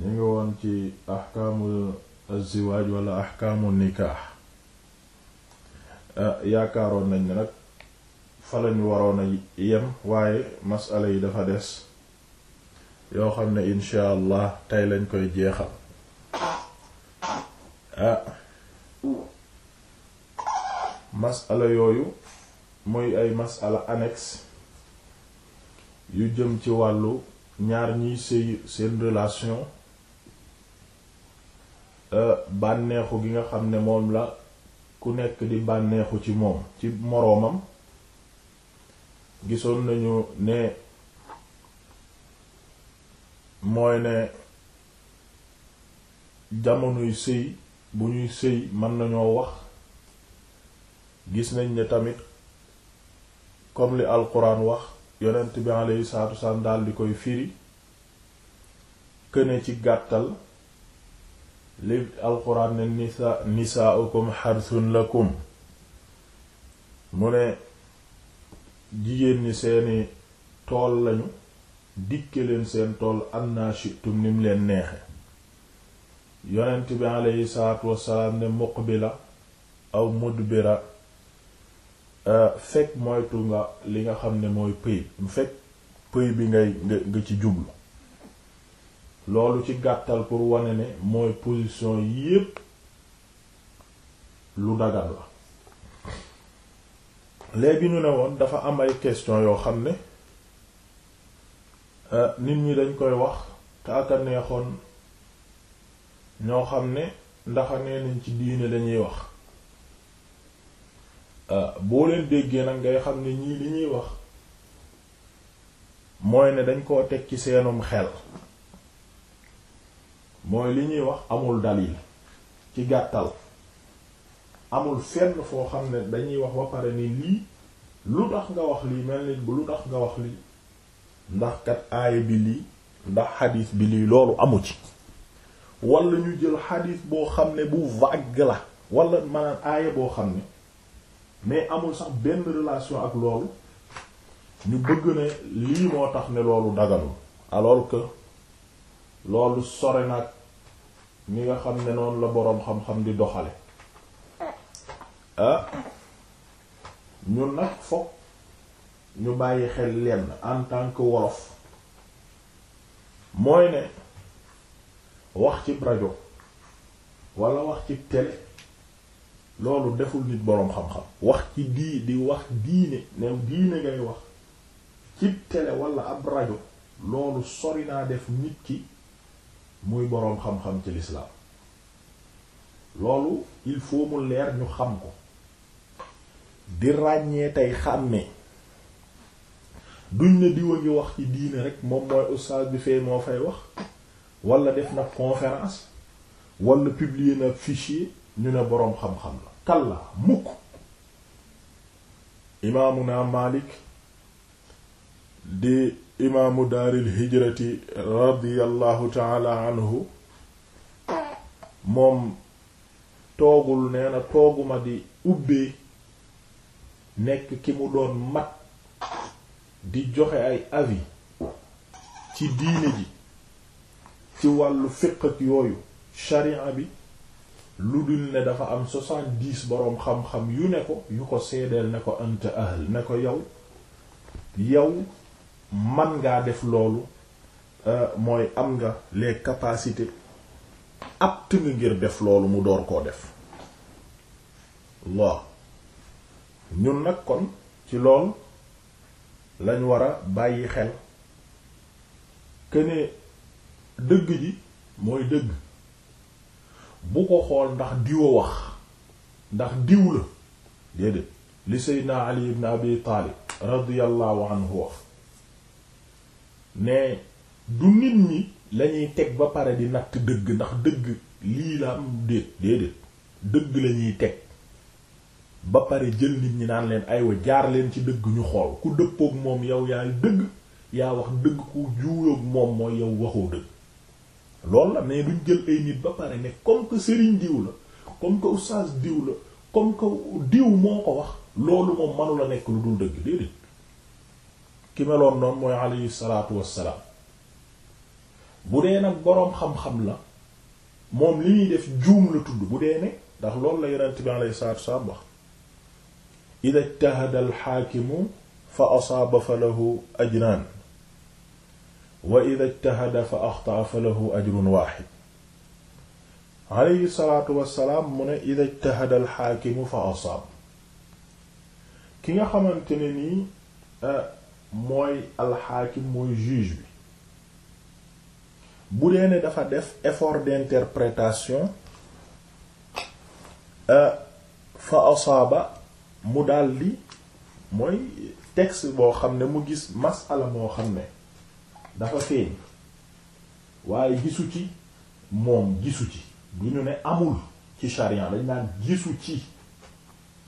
ñu ngi woon ci ahkaamu azziwaaj wala ahkaamu nikaax ah, yaakaaroon nañ ne nag fa lañu waroon a yem waaye masala yi dafa des yoo xam ne insha allah tey lañ koy jeexal ah masala yooyu muy ay masala annexe yu jëm ci wàllu ñaar ñiy sëy seen relation Euh, bànneexu gi nga xam ne moom la ku nekk di bànneexu ci moom ci moroomam gisoon nañu ne mooy ne jamonoy sëy bu ñuy sëy mën nañoo wax gis nañ ne tamit comme li alquran wax yonent bi aleyhi salatu wasalaam daal di koy firi këne ci gàttal li alquran ne nisa nisaaukum la lakum mu ne jigéen ñi seeni tool lañu dikke leen seen tool am naa shitum nim leen neexe yonent bi aleyhi salaatu wassalaam ne muqbila aw mudbira euh, fekk moytu nga li nga xam ne mooy pëy fekk pëy bi ngay nga nga ci jublu loolu ci gàttal pour wane ne mooy position yépp lu dagan la léegi ñu ne woon dafa am ay question yoo xam ne euh, nit ñi dañ koy wax te neexoon ñoo xam ne ndaxa nee ci diine lañuy wax euh, boo leen déggee nag ngay xam ne ñii li ñuy wax mooy ne dañ koo teg ci seenum xel mooy li ñuy wax amul dalil ci gàttal amul fenn foo xam ne dañuy wax ba pare ni lii lu tax nga wax lii mel nit bu lu tax nga wax lii ndax kat aaya bi lii ndax xadiis bi lii loolu amu ci wala ñu jël xadiis boo xam ne bu vague la walla maanaam aaya boo xam ne mais amul sax benn relation ak loolu ñu bëgg ne lii moo tax ne loolu daganul alors que loolu sore nag mi nga xam ne noonu la boroom xam-xam di doxale ah ñun nag fokk ñu bàyyi xel lenn en tant que worof mooy ne wax ci rajo wala wax ci télé loolu deful nit boroom xam-xam wax ci dii di wax diine new diine ngay wax ci tele walla ab rajo loolu sori naa def nit ki muy boroom xam-xam ci lislaam loolu il faut mu leer ñu xam ko di ràññee tey xàmmee duñ ne diwa ngi wax ci diine rek moom mooy oustaz bi fee moo fay wax walla def na conférence wala publier na fichier ñu ne boroom xam-xam la kalla mukk imaamuna Maalik di imaamu daaril hijrati radiyallahu taala anhu moom toogul nee tooguma di ubbee nekk ki mu doon mat di joxe ay avis ci diine ji ci wàllu fiqh ak yooyu sharia bi lu dul ne dafa am soixante-dix boroom xam-xam yu ne ko yu ko seedeel ne ko anta ahl ne ko yow yow man ngaa def loolu euh, mooy am nga les capacités apte nga ngir def loolu mu door koo def waaw ñun nag kon ci lool lañ war a bàyyi xel këne dëgg ji mooy dëgg bu ko xool ndax diwa wax ndax diw la déedéet li seydna ali ibn abi taalib radiyallahu anhu wax ne du nit ñi lañuy teg ba pare di natt dëgg ndax dëgg lii la am déet déedéet dëgg lañuy teg ba pare jël nit ñi naan leen aywa jaar leen ci dëgg ñu xool ku dëppook moom yow yaa dëgg yaa wax dëgg ku juuyoog moom mooy yow waxoo dëgg loolu la ne duñ jël ay nit ba pare ne comme que Serigne diw la comme que oustaz diw la comme que diw moo ko wax loolu moom mënula nekk lu dul dëgg déedéet ki meloon noonu mooy alayhi salaatu wassalaam bu dee nag boroom xam-xam la moom li ñuy def juum tudd bu dee ne ndax lool la yonent bi alayhi salaatu wassalaam wax ida ijtahada alxaakimu fa asaaba fa wa ida ijtahada fa axtaa fa lahu ajrun waaxid alayhi salaatu wassalaam mu ne ida ijtahada alxaakimu fa asaab ki nga xamante ne nii eh, mooy alxaakim mooy juge bi bu dee ne dafa def effort d'interprétation euh, fa asaaba mu daldi mooy texte boo xam ne mu gis masala moo xam ne dafa feeñ waaye gisu ci moom gisu ci du ñu ne amul ci charian dañ naan gisu ci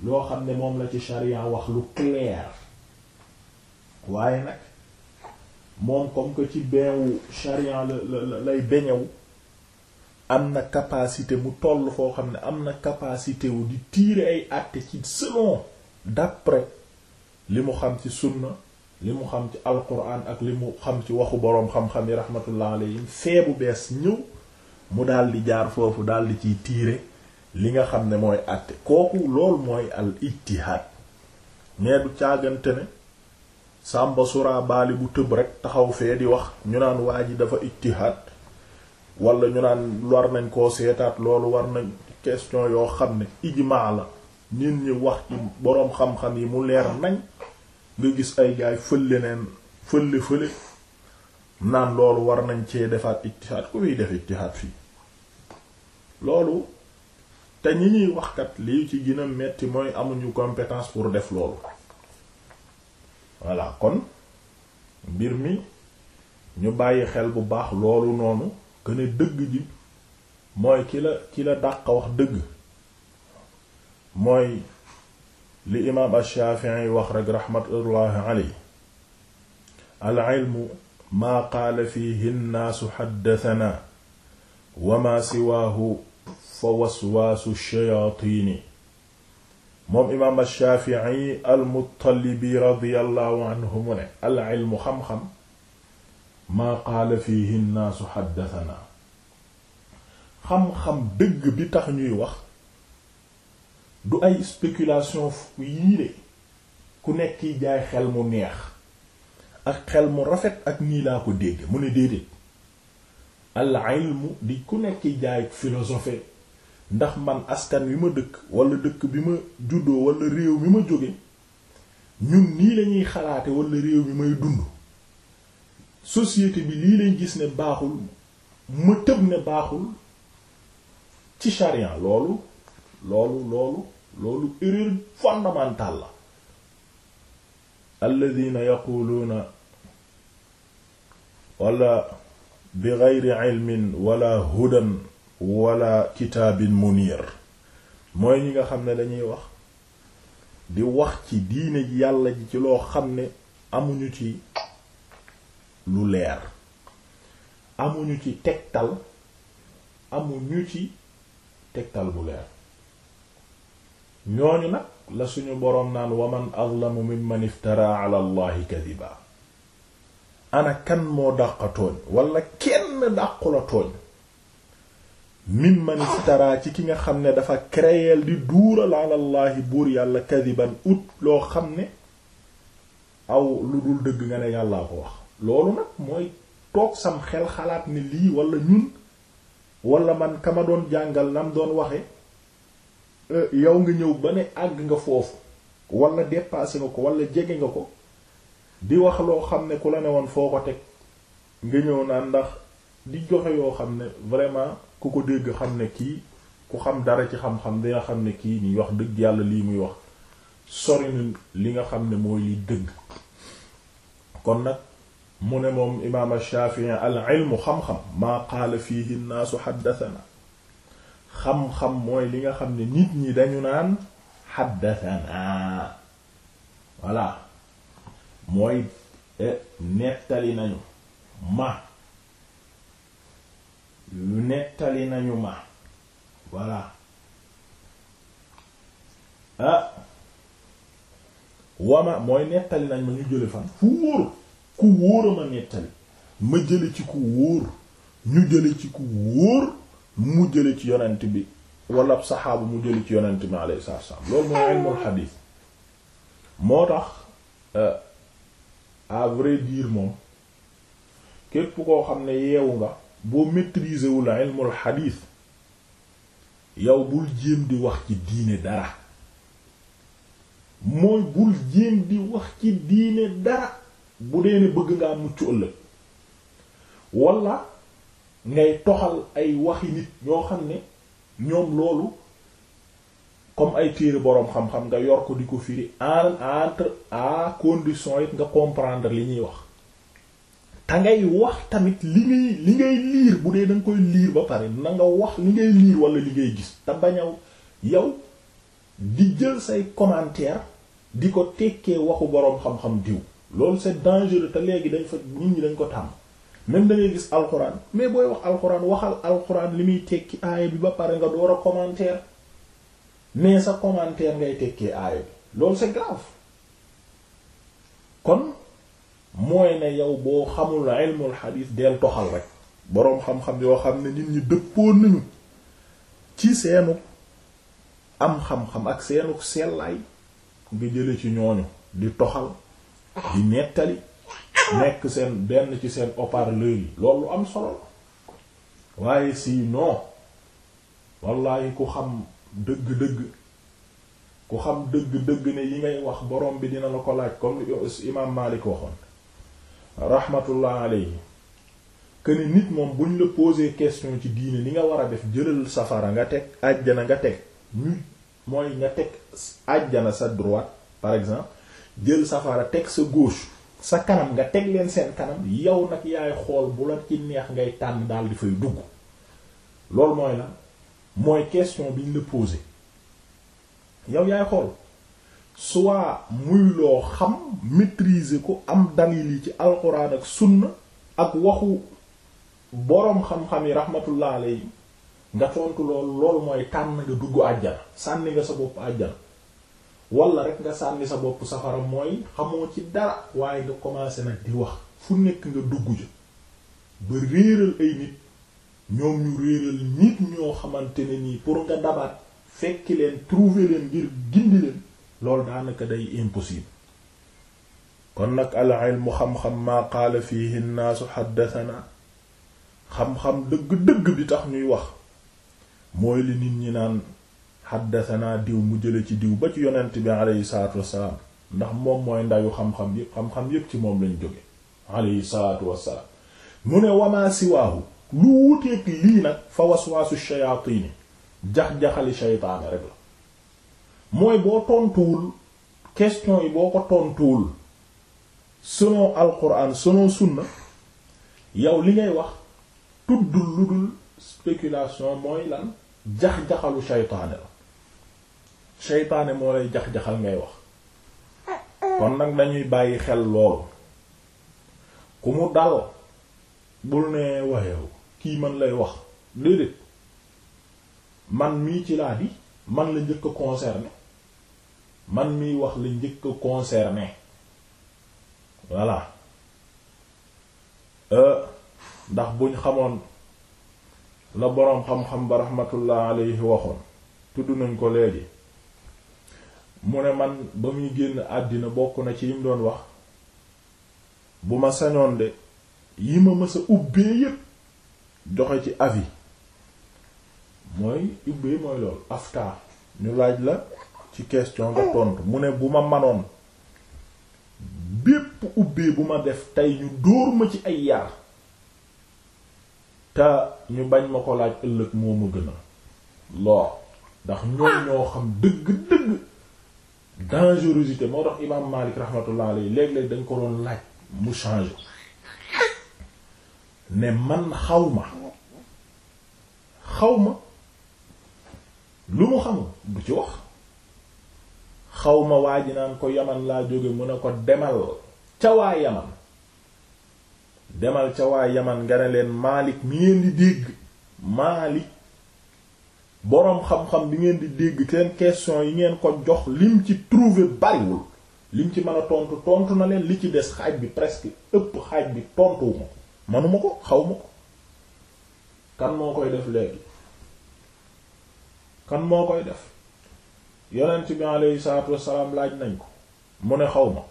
loo xam ne moom la ci charian wax lu clair waaye nag moom comme que ci beewu charian la lay beñewu am na capacité mu toll foo xam ne am na capacité wu di tirer ay àtte ci selon d'après li mu xam ci sunna li mu xam ci alquran ak li mu xam ci waxu boroom xam-xam yi rahmatullah alayhim feebu bees ñëw mu daal di jaar foofu daal di ciy tiire li nga xam ne mooy àtte kooku loolu mooy al ijtihaad mais du càggante ne sàmba sura baali bu tëb rek taxaw fee di wax ñu naan waa ji dafa ijtihaad wala ñu naan war nañ koo seetaat loolu war nañ question yoo xam ne ijmaa la nit ñi wax ci boroom xam-xam yi mu leer nañ nga gis ay gaay fële neen fële fële naan loolu war nañ cee defaat ijtihaad ku fiy def ijtihaad fii loolu te ñi ñuy waxkat lii ci gën metti mooy amuñu compétence pour def loolu voilà kon mbir mi ñu bàyyi xel bu baax loolu noonu que dëgg ji mooy ki la ki dàq wax dëgg mooy li imaam ash-Shafi'i wax rek rahmatullahi alayhi al-ilmu maa qaala fiihi nnaasu haddathanaa wa maa siwaahu fa waswaasu shayaatiini moom imaam alshafii almuttalibi radiallahu anhu mu ne al ilmu xam-xam maa qaala fihi nnaasu xaddatanaa xam-xam dëgg bi tax ñuy wax du ay spéculation yii de ku nekk jaay xel mu neex ak xel mu rafet ak nii laa ko dégg mu ne déedéet al ilmu di ku nekk jaay philosophie ndax man askan wi ma dëkk walla dëkk bi ma juddoo walla réew mi ma jóge ñun nii lañuy xalaate wala réew mi may dund société bi lii lañ gis ne baaxul ma tëb ne baaxul ci charia loolu loolu loolu loolu erreur la alladina yaquluuna wala bi ghayri ilmin wala hudan wala kitaabin munir mooy ñi nga xam ne dañuy wax di wax ci diine ji yàlla ji ci loo xam ne amuñu ci lu leer amuñu ci tegtal amuñu ci tegtal bu leer ñooñu nag la suñu boroom naan waman azlamu mimman iftara ala allahi kadiba ana kan moo dàqa tooñ wala kenn dàqu tooñ man iftara ci ki nga xam ne dafa créer di duural alallahi buur yàlla kadiban ut loo xam ne aw lu dul dëgg nga ne yàllaa ko wax loolu nag mooy toog sam xel xalaat ni lii walla ñun wala man ka ma doon jàngal nam doon waxe e, yow nga ñëw ba ne àgg nga foofu wala dépassé nga ko wala jege nga ko di wax loo xam ne ku la ne woon foo ko teg nga ñëw naan ndax di joxe yoo xam ne vraiment ku ko dégg xam ne kii ku xam dara ci xam-xam nga xam ne kii nii wax dëgg yàlla lii muy wax sori na li nga xam ne mooy li dëgg kon nag mu ne moom imaam Shaafi'i al ilmu xam-xam maa qaala fiihi nnaasu xaddathana xam-xam mooy li nga xam ne nit ñi dañu naan xaddathana voilà mooy eh, nettali nañu ma nettali nañu ma voilà ah wama mooy nettali nañ ma ñu jële fan fu wóor ku wóor a ma nettali ma jële ci ku wóor ñu jële ci ku wóor mu jële ci yonent bi wala saxaabu mu jële ci yonent bi alayhi salaam loolu mooy ilmul xadiis moo tax euh, à vrai dire moom képp koo xam ne yeewu nga boo maîtriser wul ilmul yow bul jéem di wax ci diine dara mooy bul jéem di wax ci diine dara bu dee ne bëgg ngaa mucc ëllëg wala ngay toxal ay waxi nit ñoo xam ne ñoom loolu comme ay téere boroom xam-xam nga yor ko di ko firi en entre à condition it nga comprendre li ñuy wax te ngay wax tamit li ngay li ngay liir bu dee da koy liir ba pare na nga wax li ngay liir wala li ngay gis te bañaw yow di jël say commentaire di ko tekkee waxu boroom xam-xam diw loolu c'est dangereux te léegi dañ fa nit ñi dañ ko tàmm même da gis alxuraan mais booy wax alxuraan waxal alxuraan li muy tekki aaya bi ba pare nga door a commentaire mais sa commentaire ngay tekkee aaya bi loolu c'est grave kon mooy ne yow boo xamul ilmul xadiis del toxal rek boroom xam-xam yoo xam ne nit ñi dëppoon nañu ci seenuk am xam-xam ak seenuk sellaay nga jële ci ñooñu di toxal di nettali nekk seen benn ci seen haut yi loolu am solo la waaye sinon wallaahi ku xam dëgg-dëgg ku xam dëgg-dëgg ne yi ngay wax borom bi dina la ko laaj comme imam Malik waxoon rahmatullah alayhi que ni nit moom buñ la poser question ci diine li nga war a def jëlal safara nga teg àjjana nga teg ñu mooy nga teg àjjana sa droite par exemple jël safara teg sa gauche sa kanam nga teg leen seen kanam yow nag yaay xool bu la ci neex ngay tànn daal di fay dugg loolu mooy la mooy question biñ la poser yow yaay xool soit muy loo xam maîtriser ko am dalil yi ci alquran ak sunna ak waxu boroom xam-xam yi rahmatullah alayhi nga tontu lool loolu mooy tànn nga dugg àjjana sànni nga sa bopp àjjana wala rek nga sànni sa bopp safara mooy xamoo ci dara waaye nga commencé nag di wax fu nekk nga dugg ja ba réeral ay nit ñoom ñu réeral nit ñoo xamante ne nii pour nga dabaat fekki leen trouver leen ngir gindi leen loolu daanaka day impossible kon nag al ilmu xam-xam maa qaala fiihi nnaasu xaddatanaa xam-xam dëgg-dëgg bi tax ñuy wax mooy li nit ñi naan xaddatanaa diw mu jële ci diw ba ci yonent bi aleyhi salaatu wassalaam ndax moom mooy ndayu xam-xam yépp ci moom lañ jóge aleyhi salaatu wassalaam mu ne wamaa siwaahu lu wuteek lii nag fa waswaasu shayaatini jax-jaxali shaytaane rek la mooy boo tontuwul question yi boo ko tontuwul selon alquran selon sunna yow li ngay wax tuddul lu dul spéculation mooy lan jax-jaxalu shaytaane la shaytaane moo lay jax-jaxal ngay wax kon nag dañuy bàyyi xel loolu ku mu dal bul ne wayew kii mën lay wax déedéet man mii ci laa di man la njëkk a concerné man miy wax la njëkk a concerné voilà euh, ndax buñ xamoon la boroom xam-xam ba rahmatullah alayhi waxoon tudd nañ ko léegi mu ne man ba muy génn àddina bokk na ci yim doon wax bu ma sañoon de yi ma mës ubbee yépp joxe ci avis mooy ubbee mooy loolu afta ñu laaj la ci question nga tontu mu ne bu ma manoon bépp ubbee bu ma def tey ñu dóor ma ci ay yar te ñu bañ ma ko laaj ëllëg moo ma gën loo ndax ñoom ñoo xam dëgg-dëgg dangerosité moo tax imaam Malik rahmatullah alayhi léeg-léeg dañ ko doon laaj mu change ne man xaw ma xaw ma lu mu xamul du ci wax xawma waa ji naan ko yaman laa jóge mu ne ko demal ca waa yaman demal ca waa yaman nga ne leen maalik mi ngeen di dégg maalik boroom xam-xam bi ngeen di dégg seen question yi ngeen ko jox lim ci trouver bariwul lim ci mën a tontu tontu na leen li ci des xaaj bi presque ëpp xaaj bi tontuwuma ko manuma ko xawma ko kan moo koy def léegi kan moo koy def yonent bi aleyhi salaatu wassalaam laaj nañ ko mu ne xaw ma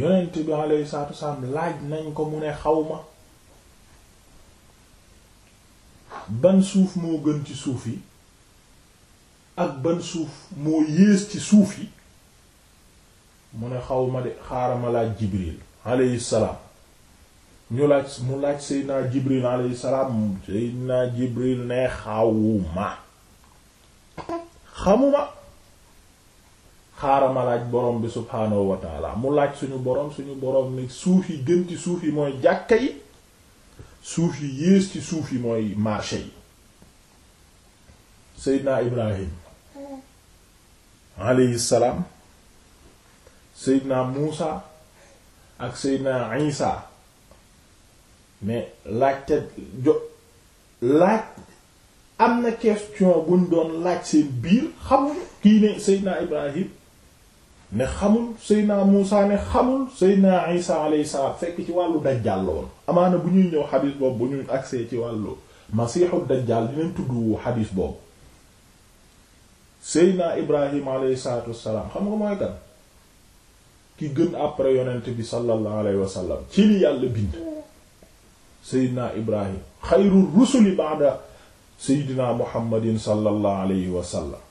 yonent bi aleyhi salaatu wassalaam laaj nañ ko mu ne xaw ma ban suuf moo gën ci suuf yi ak ban suuf moo yées ci suuf yi mu ne xaw ma de xaaral ma laaj Jibril aleyhi salaam ñu laaj mu laaj Seydina Jibril aleyhi salaam Seydina Jibril ne xaw ma xamuma xaaral ma laaj borom bi subhaanahu wa mu laaj suñu borom suñu borom ni suuf yi gën ci suuf yi mooy jàkka yi suuf yi yées ci suuf yi mooy marché yi Seydina Ibrahim alayhi salaam Seydina Muusa ak Seydina Isa mais laajte jo laaj am na question buñ doon laaj seen biir xamul kii ne Seydina Ibrahim ne xamul Seydina Muusa ne xamul Seydina Isa alayhi salaam fekk ci wàllu dajjal la amaana bu ñuy ñëw xadis boobu bu ñu agsee ci wàllu masiixu dajjal dinañ tudd xadis boobu Seydina Ibrahim alayhi salaatu wassalaam xam nga mooy kan ki gën après yonent bi sallallahu alayhi wa sallam ci li yàlla bind Seydina Ibrahim xayru rusuli ba'da seydina muhammadin sallallahu alayhi wa sallam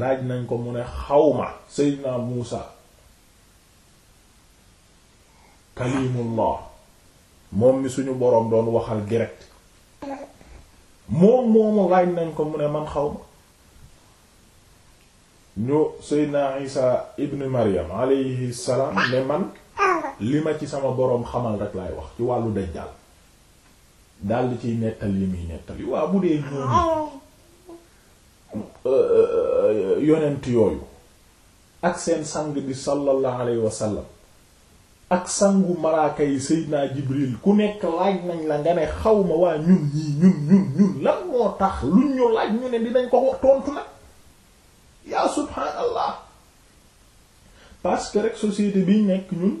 laaj nañ ko mu ne xawma seydina muusa kalimullah moom mi suñu boroom doon waxal direct moom moomu laaj nañ ko mu ne man xawma ñu seydina isa ibn maryam alayhi ne man li ma ci sama boroom xamal rek laay wax ci wàllu dajjal daldi ci ciy nettal li muy nettal yi waa bu dee ñooñu ah. euh, euh, euh, yonent yooyu ak seen sang bi sallallahu alayhi wa ak sangu malaaka yi Seydina Jibril ku nekk laaj nañ la nga ne ma waa ñun ñii ñun ñun ñun lan moo tax lu ñu laaj ñu ne dinañ ko tontu nag yaa subhaanallah parce rek société bi nekk ñun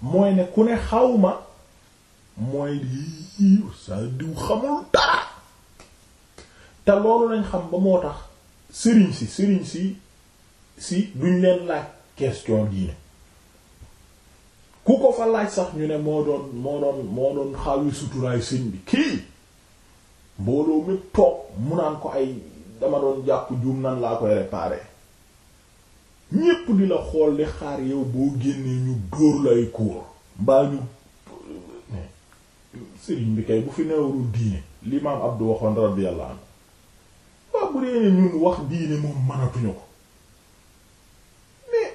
mooy ne ku ne xawma mooy lii sa diw xamul dara te loolu lañ xam ba moo tax sëriñ si sëriñ si si duñ leen laaj question diine ku ko fa laaj sax ñu ne moo doon moo doon moo doon suturaayu sëñ bi kii mbooloo mi toog mu naan ko ay dama doon jàpp juum nan laa koy réparer ñépp di la xool di xaar yow boo génnee ñu dóor lay kuur mbaa ñu sëriñ bi kay bu fi neewaru diine li maam Abdu waxoon radiyallahu anhu waaw bu dee ñun wax diine moom mënatuñu ko mais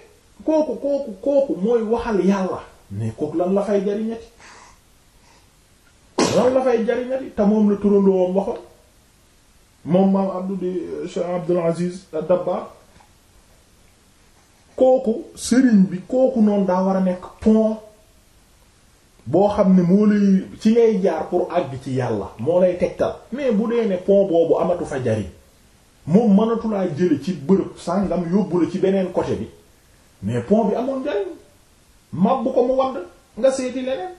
kooku kooku kooku mooy waxal yàlla mais kooku lan la fay jariñati lan la fay jariñati te moom la turandoom waxoon moom maam Abdu di euh, Cheikh Abdul Aziz Dabba kooku sëriñ bi kooku noonu daa war a nekk pont boo xam ne moo lay ci ngay jaar pour àgg ci yàlla moo lay tegtal mais bu dee ne pont boobu amatu fa jariñ moom mënatulaa jële ci bërëb sàngam yóbbu la ci beneen côté bi mais pont bi amoon jariñ màbbu ko mu wadd nga seeti leneen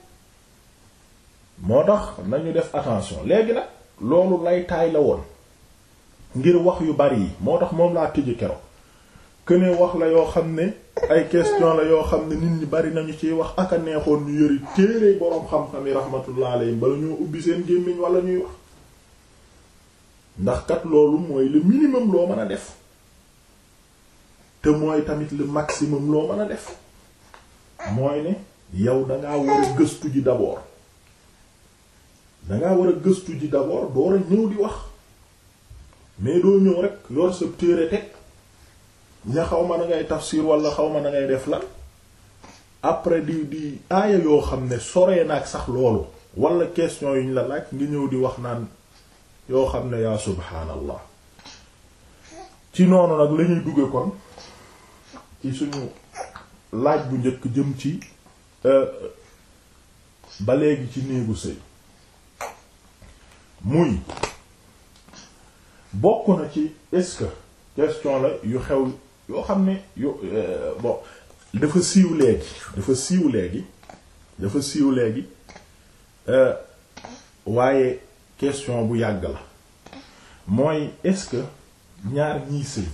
moo tax nañu def attention léegi nag loolu lay taay la woon ngir wax yu bari yi moo tax moom laa tëj keroog que ne wax la yoo xam ne ay question la yoo xam ne nit ñi bari nañu ciy wax ak a neexoon ñu yëri téere boroom xam-xam yi rahmatullah alayhim bala ñoo ubbi seen gémmiñ walla ñuy wax ndax kat loolu mooy le minimum loo mën a def te mooy tamit le maximum loo mën a def mooy ne yow dangaa war a gëstu ji d'abord dangaa war a gëstu ji d'abord door a ñëw di wax mais doo ñëw rek yor sa téere teg ña xaw ma na ngay tafsir wala xaw ma na ngay def lan après di di aaya yoo xam ne soree naag sax loolu wala question yuñ la laaj nga ñëw di wax naan yoo xam ne yaa subhaanallah ci noonu nag lañuy dugge kon ci suñu laaj bu njëkk jëm ci euh, ba léegi ci néegu sëy muy bokk na ci est-ce question la yu xew yoo xam ne yo euh, bon dafa siiw léegi dafa siiw léegi dafa siiw léegi euh, waaye question bu yàgg la mooy est-ce que ñaar ñii sëy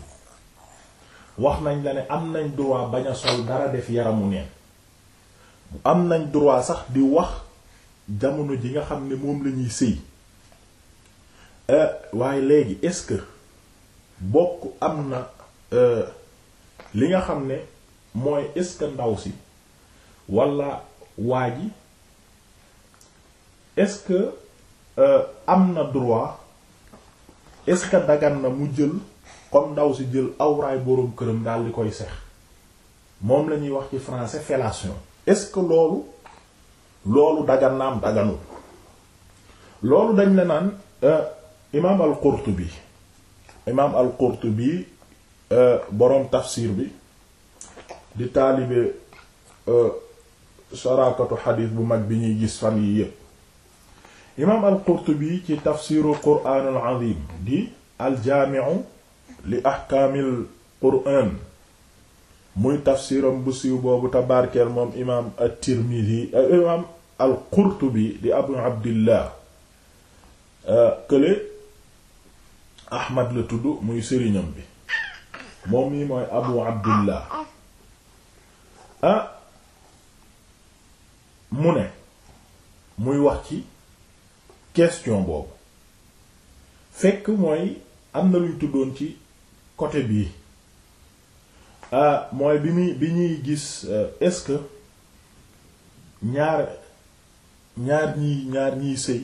wax nañ la ne am nañ droit bañ a sol dara def yaramu neen am nañ droit sax di wax jamono ji nga xam ne moom la ñuy sëy euh, waaye léegi est-ce que bokk am na li nga xam ne mooy est-ce que ndaw si walla waa ji est-ce que euh, am na droit est-ce que dagan na mu jël comme ndaw si jël awraay boroom këram daal di koy sex moom la ñuy wax ci français fellation est-ce que loolu loolu dagan na am loolu dañ la naan euh, imaam al-Qurtubi imaam al-Qurtubi Euh, boroom tafsir bi di taalibe euh, sarakatu xadiis bu mag bi ñuy gis fan yi yépp imaam al-Qurtubi ci tafsiru quraanul azim di aljaamiu li ahkaamil quraan muy tafsiram bu siiw boobu tabarkeel moom imaam at-Tirmidhi euh, imaam al-Qurtubi di abu abdillah kële Ahmad la tudd muy sëriñam bi moom mii mooy abu abdullah ah mu ne muy wax ci question boobu fekk mooy am na luñ tuddoon ci côté bii ah mooy bi muy bi ñuy gis euh, est-ce que ñaar ñaar ñi ñaar ñiy sëy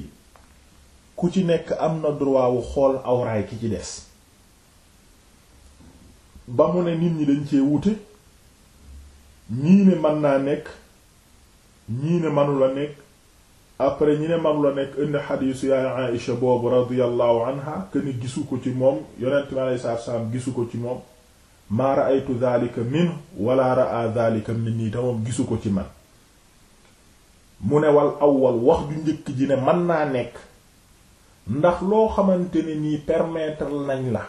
ku ci nekk am na droit wu xool awraay ki ci des ba mu ne nit ñi dañ cee wute ñii ne mën naa nekk ñii ne manula nekk après ñi ne manula nekk indi xadiisu yaay Aïsha boobu radiyallahu anha këni gisu ko ci moom yonent mi alayhi salaatu salaam gisu ko ci moom maa ra'aytu dhalika minhu wala ra'a dhalika minni te gisu ko ci man mu ne wal awwal wax ju njëkk ji ne mën naa nekk ndax loo xamante ne nii permettre nañ la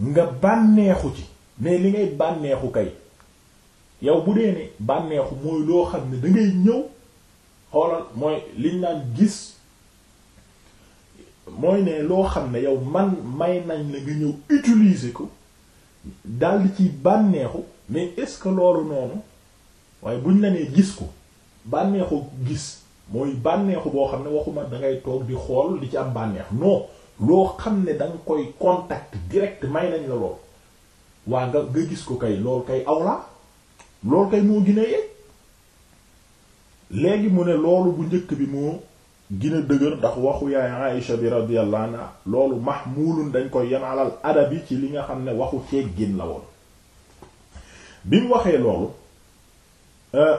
nga bànneexu ci mais li ngay bànneexu kay yow bu dee ne bànneexu mooy loo xam ne dangay ñëw xoolal mooy liñ naan gis mooy ne loo xam ne yow man may nañ la nga ñëw utiliser ko daldi ci bànneexu mais est-ce que loolu noonu waaye buñ la nee gis ko bànneexu gis mooy bànneexu boo xam ne waxuma dangay toog di xool di ci am bànneex non loo xam ne da koy contact direct may nañ la lool waa nga nga gis ko kay lool kay awla lool kay moo gën a léegi mu ne loolu bu njëkk bi moo gën a dëgër ndax waxu yaay Aïsha bi radiyallahu anha loolu mahmulun dañ koy yan alal adabi ci li nga xam ne waxu teggin la woon bi mu waxee loolu euh,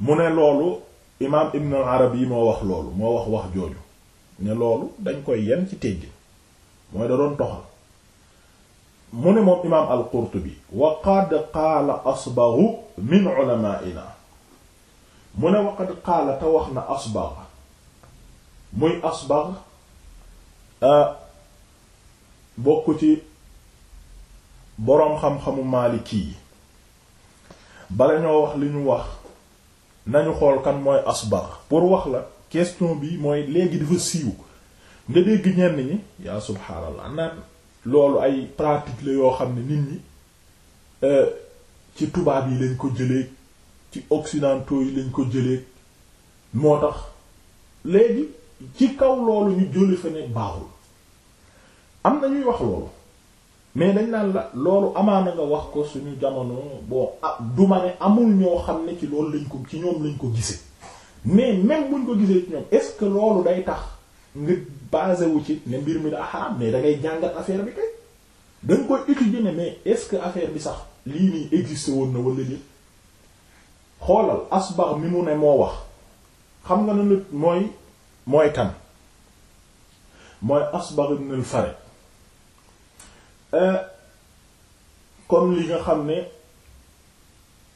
mu ne loolu imaam Ibn al-Arabi moo wax loolu moo wax wax jooju ne loolu dañ koy yen ci teggin mooy da doon toxal mu ne moom imaam al-Qurtubi wa qad qaala asbaghu min mu ne wa qad qaala te wax na asbagh muy asbagh bokk ci boroom xam-xamu maaliki yi bala ñoo wax li ñu wax nañu xool kan mooy asbagh pour wax la question bi mooy léegi dafa siiw nga dégg ñenn ñi yaa subhaanallah naan loolu ay pratique la yoo xam ne nit ñi euh, ci tubaab yi lañ ko jëlee ci occidentaux yi lañ ko jëlee moo tax léegi ci kaw loolu ñu jëli fa ne baaxul am na ñuy wax loolu mais dañ naan la loolu amaana nga wax ko suñu jamono bon ah du ma ne amul ñoo xam ne ci loolu lañ ko ci ñoom lañ ko gisee. mais même buñ ko gisee ci ñoom est-ce que loolu day tax nga basé wu ci ne mbir mi daa xaraam mais da ngay jàngat affaire bi kay da koy étudier ne mais est-ce que affaire bi sax lii nii existé woon na wala déet xoolal asbar mi mu ne moo wax xam nga ne mooy mooy kan mooy asbar ibn al-Farid euh, comme li nga xam ne.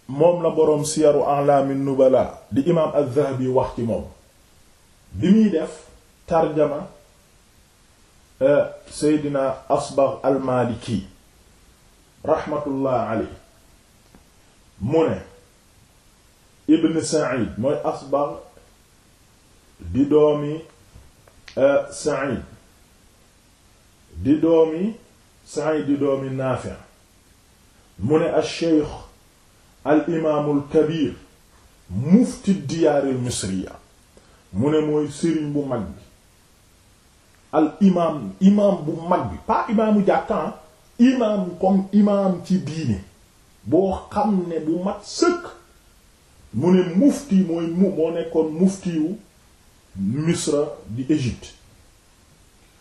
moom la boroom siyaru a'lamin nubala di imaam az-Zahabi wax ci moom bi muy def tarjama euh, Seydina Asbagh al-Maliki rahmatullah alayhi mu ne Ibn Sa'id mooy Asbagh di doomi euh, Sa'id di doomi Sa'id mu ne al-Shaykh al imaamul kabir mufti diyaaril misriya mu ne mooy sëriñ bu mag bi al imaam imaam bu mag bi pas imaamu jàkkan ah. imaam comme imaam ci diine boo xam ne bu mat sëkk mu ne mufti mooy mu moo nekkoon muftiwu misra di Égypte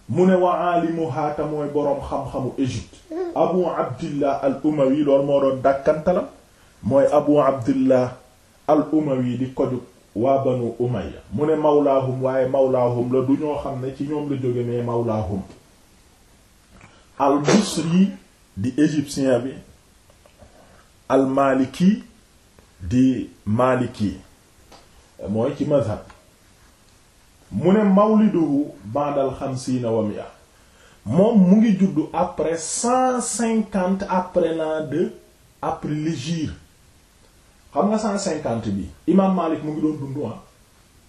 mu ne wa aalimu haata mooy boroom xam-xamu Égypte abu abdillah al umawi loolu moo doon dàkkantalam mooy abu abdillah al umawi di kojuk waa banu umayya mu ne mawlaahum waaye mawlaahum la du ñoo xam ne ci ñoom la jóge ne mawlaahum al busri di égyptien bi al maliki di maliki mooy ci mazhab mu ne mawliduhu ba'dal xamsiina wa mi'a moom mu ngi juddu après cent cinquante après l'an de après l'hégire xam nga cent cinquante bi imam Malik mu ngi doon dund ah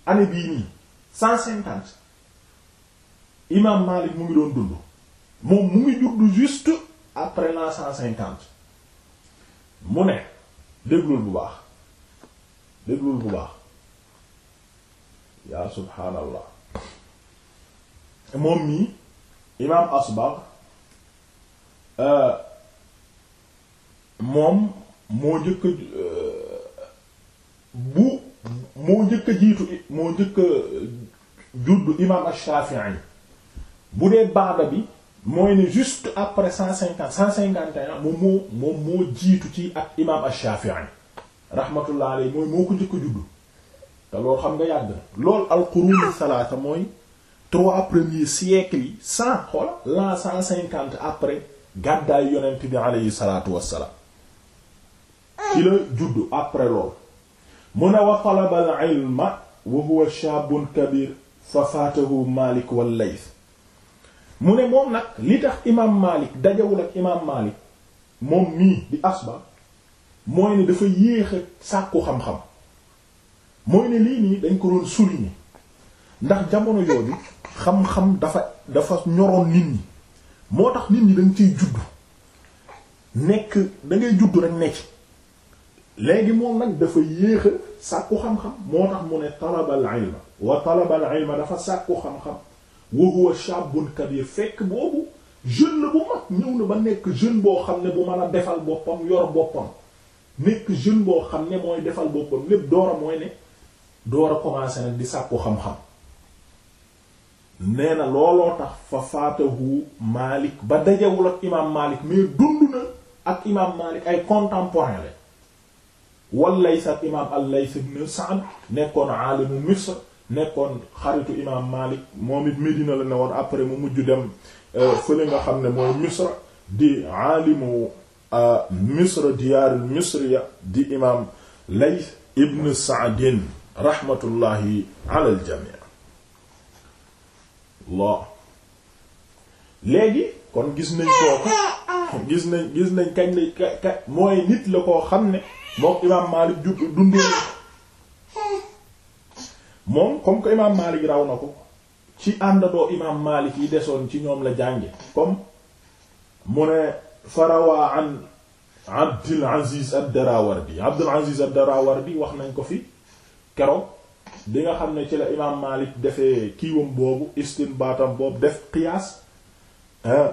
année bii nii cent cinquante imam Malik mu ngi doon dund moom mu ngi juddu juste après l'an cent cinquante mu ne déglul bu baax déglul bu baax yaa subhaanallah moom mii imaam Asbagh euh, moom moo njëkk euh, bu moo njëkk jiitu moo njëkk a uh, juddu imam ash-Shafi'i bu dee baada bi mooy ne juste après cent cinquante cent cinquante et moom moo moom moo jiitu ci ak imam ash-Shafi'i rahmatullah alayhi mooy moo ko njëkk juddu te loolu xam nga yàgg lool loolu al-qurun salaata mooy trois premiers siècles cent xool l'an cent cinquante après gàddaay yonent bi alayhi salaatu wassalaam ci la juddu après loolu mu ne wa talaba al ilma wa huwa shaabun kabir fa Malik wal Layth mu ne moom nag li tax imaam Malik dajawul ak imaam Malik moom mii di asba mooy ne dafa yéex a sàkku xam-xam mooy ne lii nii dañ ko doon souligner ndax jamono yooyu xam-xam dafa dafa ñoroon nit ñi moo tax nit ñi dañ ciy juddu nekk da juddu rek ne léegi moom nag dafa yéex a sàkku xam-xam moo tax mu ne talabal ilma wa talabal ilma dafa sàkku xam-xam wa huwa shabun kabir fekk boobu jeune la bu mag ñëw na ba nekk jeune boo xam ne bu mën a defal boppam yor boppam nekk jeune boo xam ne mooy defal boppam lépp doora mooy ne doora commencé nag di sàkku xam-xam nee na looloo tax fa faatahu Malik ba dajewul ak imam Malik mais dund na ak imam Malik ay contemporain la wal Lays ak imaam al-Lays ibn Sa'd nekkoon aalimu Misr nekkoon xaritu imaam Maalik moom it Medina la ne woon après mu mujj dem euh, fële nga xam ne mooy Misr di aalimu euh, Misr diyaarul Misriya di imaam Lays ibn Sa'din rahmatullahi alal jamii Allah léegi kon gis nañ kooku gis nañ gis nañ kañ la mooy nit la koo xam ne moom imaam Maalik dundoo moom comme que imaam Maalik raw na ko ci àndandoo imaam Maalik yi desoon ci ñoom la jànge comme mu ne farawaa an Abdul Aziz ad-Darawardi Abdul Aziz ad-Darawardi wax nañ ko fi keroog bi nga xam ne ci la imaam Maalik defee kiiwam boobu istinbaatam boobu def qiyaas euh,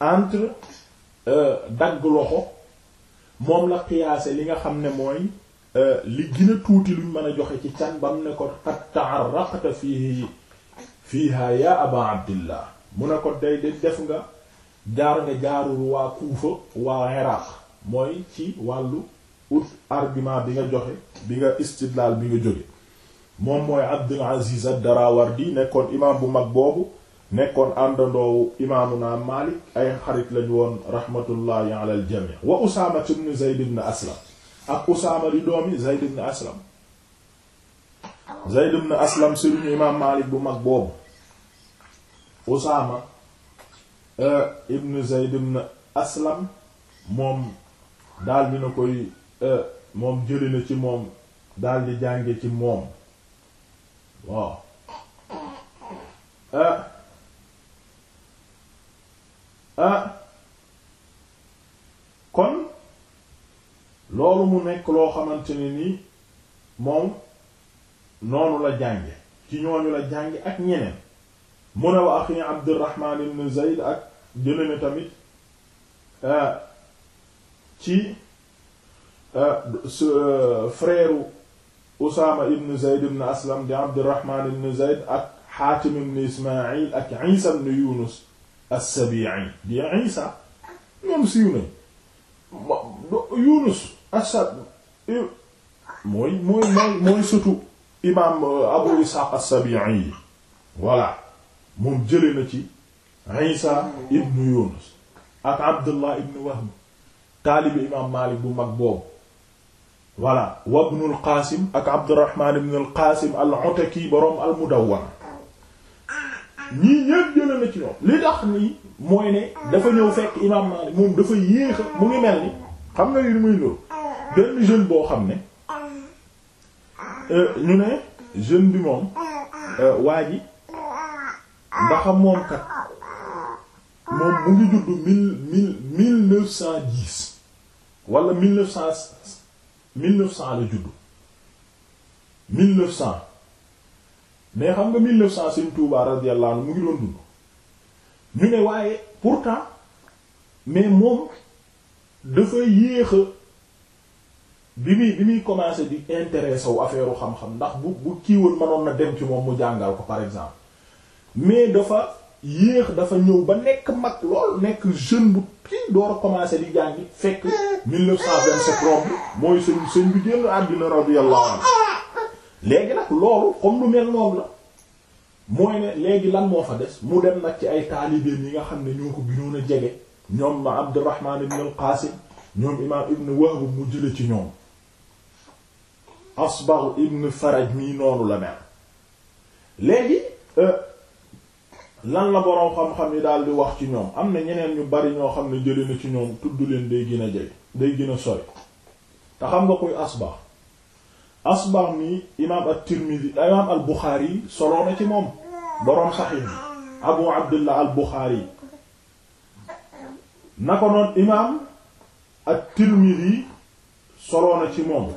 entre euh, dagg loxo moom la qiyaase li nga xam ne mooy euh, li gën tuuti luñ mën a joxe ci can bam ne ko qad ta'arraqta fii fiha ya aba abdillah mu ne ko day de def nga jaar nga jaarul waa Kuufa waa Iraq mooy ci wàllu ut argument bi nga joxe bi nga istidlaal bi nga jóge moom mooy Abdul Aziz ad-Darawardi nekkoon imam bu mag boobu nekkoon àndandoowu imaamuna Maalik ay xarit lañu woon rahmatullahi ala aljami wa Usaama ibn Zayd ibn Aslam ak Usaama di doomi Zayd ibn Aslam Zayd ibn Aslam sëriñu imaam Maalik bu mag boobu Usaama eh, ibn Zayd ibn Aslam moom daal dina koy eh, moom jëli ci moom daal jànge ci moom waaw eh, Ah. kon loolu mu nekk loo xamante ne nii moom noonu la jànge ci ñooñu la jànge ak ñeneen mu ne wa axi Abdurrahman ibn Zayd ak jële tamit ah, ci ah, frère Usaama ibn Zayd ibn Aslam di Abdurrahman ibn Zayd ak Xaatim ibn Ismail ak Isa ibn Yunus as-Sabi'i di Isa ñoom siiw nañ Yunus asad mooy mooy mooy mooy surtout imaam euh, Abu Ishaq as-Sabi'i voilà moom jële na ci Isa ibn Yunus ak Abdullah ibn Wahb taalibi imaam Maalik bu mag boobu voilà wa ibn al-Qasim ak Abdurrahman ibn al-Qasim al-Utaki borom al-Mudawwana ñii ñëpp jëlee na ci ñoom li tax mooy ne dafa ñëw fekk imaam Maalik moom dafa yéex mu ngi mel ni xam nga li muy loolu benn jeune boo xam ne euh, ñu ne jeune bi moom euh, waa ji ndax moom kat moom mu ngi judd mille mille mille neuf cent dix wala mil neuf cent mille neuf cent la judd mais xam nga 1900 Sëriñ Touba radiyallahu anhu mu ngi doon dund ñu ne waaye pourtant mais moom dafa yéex bi muy bi muy commencé di intéressé wu affaire xam-xam ndax bu bu kiiwoon mënoon na dem ci moom mu jàngal ko par exemple mais dafa yéex dafa ñëw ba nekk mag lool nekk jeune bu kii door a commencé di jàngi fekk 1927 romb mooy sëñ sëñ bi génn àddina radiyallahu anhu léegi nag loolu comme lu mel noonu la mooy ne léegi lan moo fa des mu dem nag ci ay taalibeem yi nga xam ne ñoo ko gënoon a jege ñoom ma Abdurrahman ibn al-Qasim ñoom imaam ibn Wahb mu jële ci ñoom Asbagh ibn Faraj mii noonu la mel léegi euh, lan la boroom xam-xam yi daal di wax ci ñoom am na ñeneen ñu bari ñoo xam ne jële na ci ñoom tudd leen day gën a jege day gën a sori te xam nga koy Asbagh Asbaxni imaam at-Tirmidhi imaam al-Bukhari soloo na ci moom boroom Sahih Abu Abdullah al-Bukhari na ko noon imaam at-Tirmidhi soloo na ci moom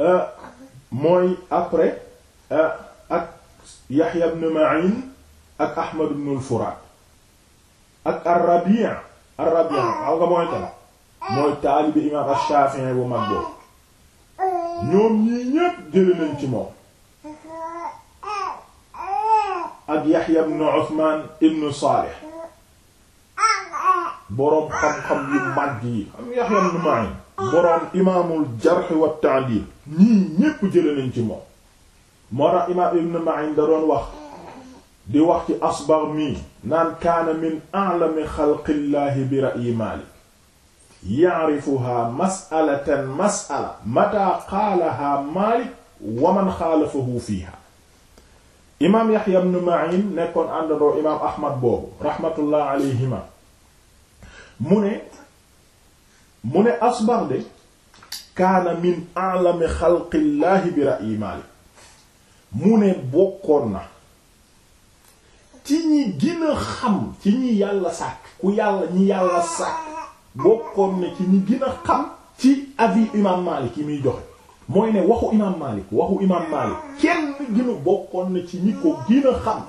euh, mooy après euh, ak Yahya ibn Ma'in ak Ahmad ibn al-Furat ak ar-Rabi' ar-Rabi' aw nga mooy imaam ash-Shafi'i bu mag ñoom ñii ñépp jëli nañ ci moom ak Yaxya ibn Usmaan ibn Saalih boroom xam-xam yu màgg yi am Yaxya ibn Ma'iin boroom imaamul jarh wa ta'diil ñii ñépp jëli nañ ci moom moo imaam ibn Ma'iin da doon wax di wax ci Asbar mi naan kaana min a'lami xalqillaahi bi ra'yi Maalik yarifuha masalatan masala mata qaalaha malik wa man xaalafahu fiha imaam yaxya ibn ma'in nekkoon àndandoo imaam ahmad boobu rahmatullah alayhima mu ne mu ne asbax de kaana min a'lami xalqillaahi bi ra'yi malik mu ne bokkoon na ci ñi gën xam ci ñi yàlla sàkk ku yàlla ñi yàlla sàkk bokkoon na ci ñi gën xam ci avis imam Malik yi muy joxe mooy ne waxu imam Malik waxu imam Malik kenn gën bokkoon na ci ñi ko gën a xam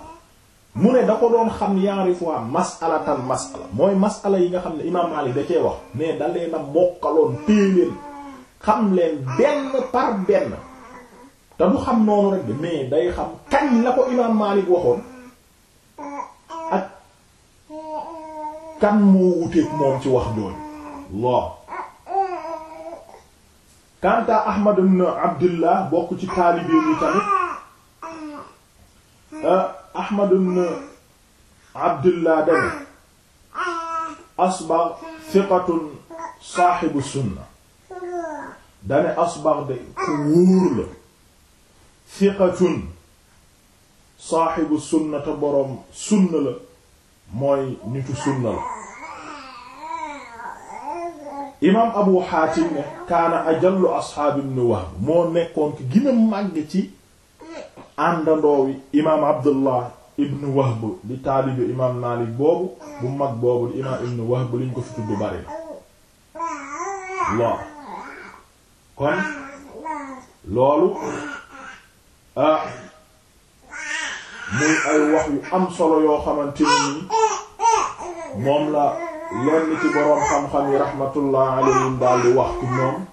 mu ne da ko doon xam yaari fois masalatan masala mooy masala yi nga xam ne imam Malik da cee wax mais da leen a mokkaloon téye leen xam leen benn par benn te du xam noonu rek mais day xam kañ la ko imam Malik waxoon kan moo wuteek moom ci wax jooju Allah kanta Ahmad ibn Abdullah bokk ci taalibe yi tamit ah, Ahmad ibn Abdullah dane asbax thiqatun saaxibu sunna dane asbax de ku wóor la thiqatun saaxibu sunna te boroom sunna la mooy nitu sunna la imaam abu xaatim ne kaana ajallu asxaabi wahb moo nekkoon ki gën a ci àndandoo wi imaam abdullah ibn wahb di taalibu imaam maalik boobu bu mag boobu di imaam ibn wahb liñ ko fi tudd bari la kon loolu ah, muy ay wax yu am solo yoo xamante ni moom la lenn ci boroom xam-xam yi rahmatullah alayhim daal di wax ci ñoom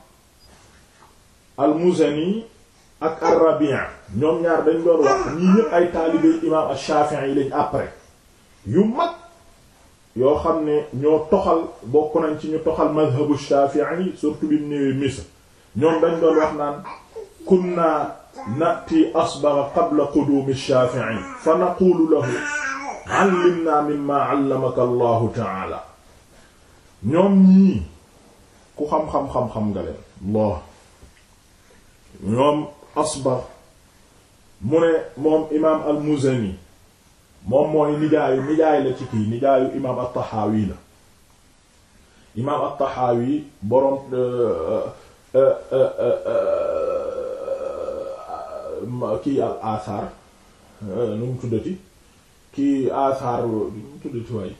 al ak ar-Rabi' ñoom ñaar dañ doon wax ñii ñëpp ay taalibey imaam ash-Shafi'i yi lañ après yu mag yoo xam ne ñoo toxal bokk nañ ci ñu toxal madhabu ash-Shafi'i surtout bi mu néewee Misr ñoom dañ doon wax naan kunna nati asbara qabla qudumi shafi'i fa naqulu lahu allimna mimma allamaka allahu taala ñoom ñii ku xam-xam-xam-xam nga leen Allah ñoom asbar mu ne moom imaam al-Muzani moom mooy nijaayu nijaay la ci kii nijaayu imaam at-Tahawi la imaam at-Tahawi boroom euh, euh, euh, kii al athar eh, nu mu tuddati kii athar nu mu tuddati waay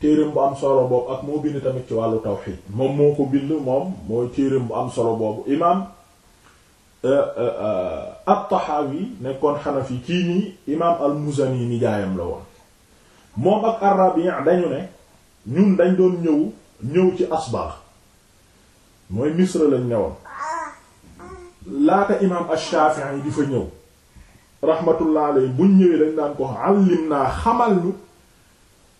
téereem bu am solo boobu ak moo bind tamit ci wàllu tawxiid moom moo ko bind moom mooy téereem bu am solo boobu imaam eh, eh, at-Tahawi nekkoon xanafi kii nii imaam al-Muzani ni jaayam la woon moom ak ar-Rabi' dañu ne ñun dañ doon ñëw ñëw ci Asbax mooy Misra lañ ne laata imaam Ash-Shafi'i di fa ñëw rahmatullah buñ ñëwee dañ daan ko allim naa xamal ñu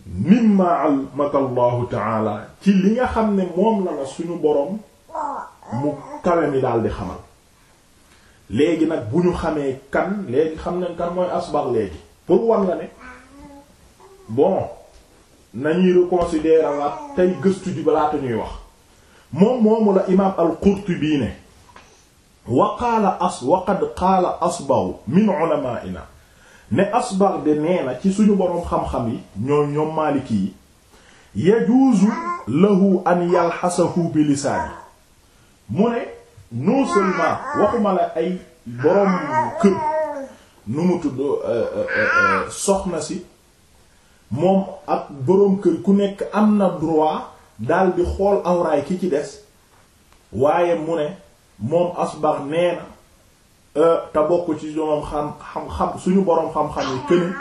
mimma almaka allahu taala ci li nga xam ne moom la la suñu boroom mu kawe mi daal di xamal léegi nag bu ñu xamee kan léegi xam nañ kan mooy asbar léegi pour war la ne bon nañuy reconsidérer la tey gëstu ji balaata ñuy wax moom moomu la imaam al-Qurtubi ne wa as wa qad qaala asbahu min ulamaina ci suñu boroom xam yi ñoom ñoom maaliki yi yajuuzu an yalxasahu bi lisaani mu waxuma la ay boroom kër nu mu tudd euh, euh, euh, soxna si moom ak boroom kër ku nekk am na droit daal di xool awraay ki ci des waaye mu ne moom asbax nee euh, te bokk ci ñoom xam xam suñu boroom xam-xam yi këni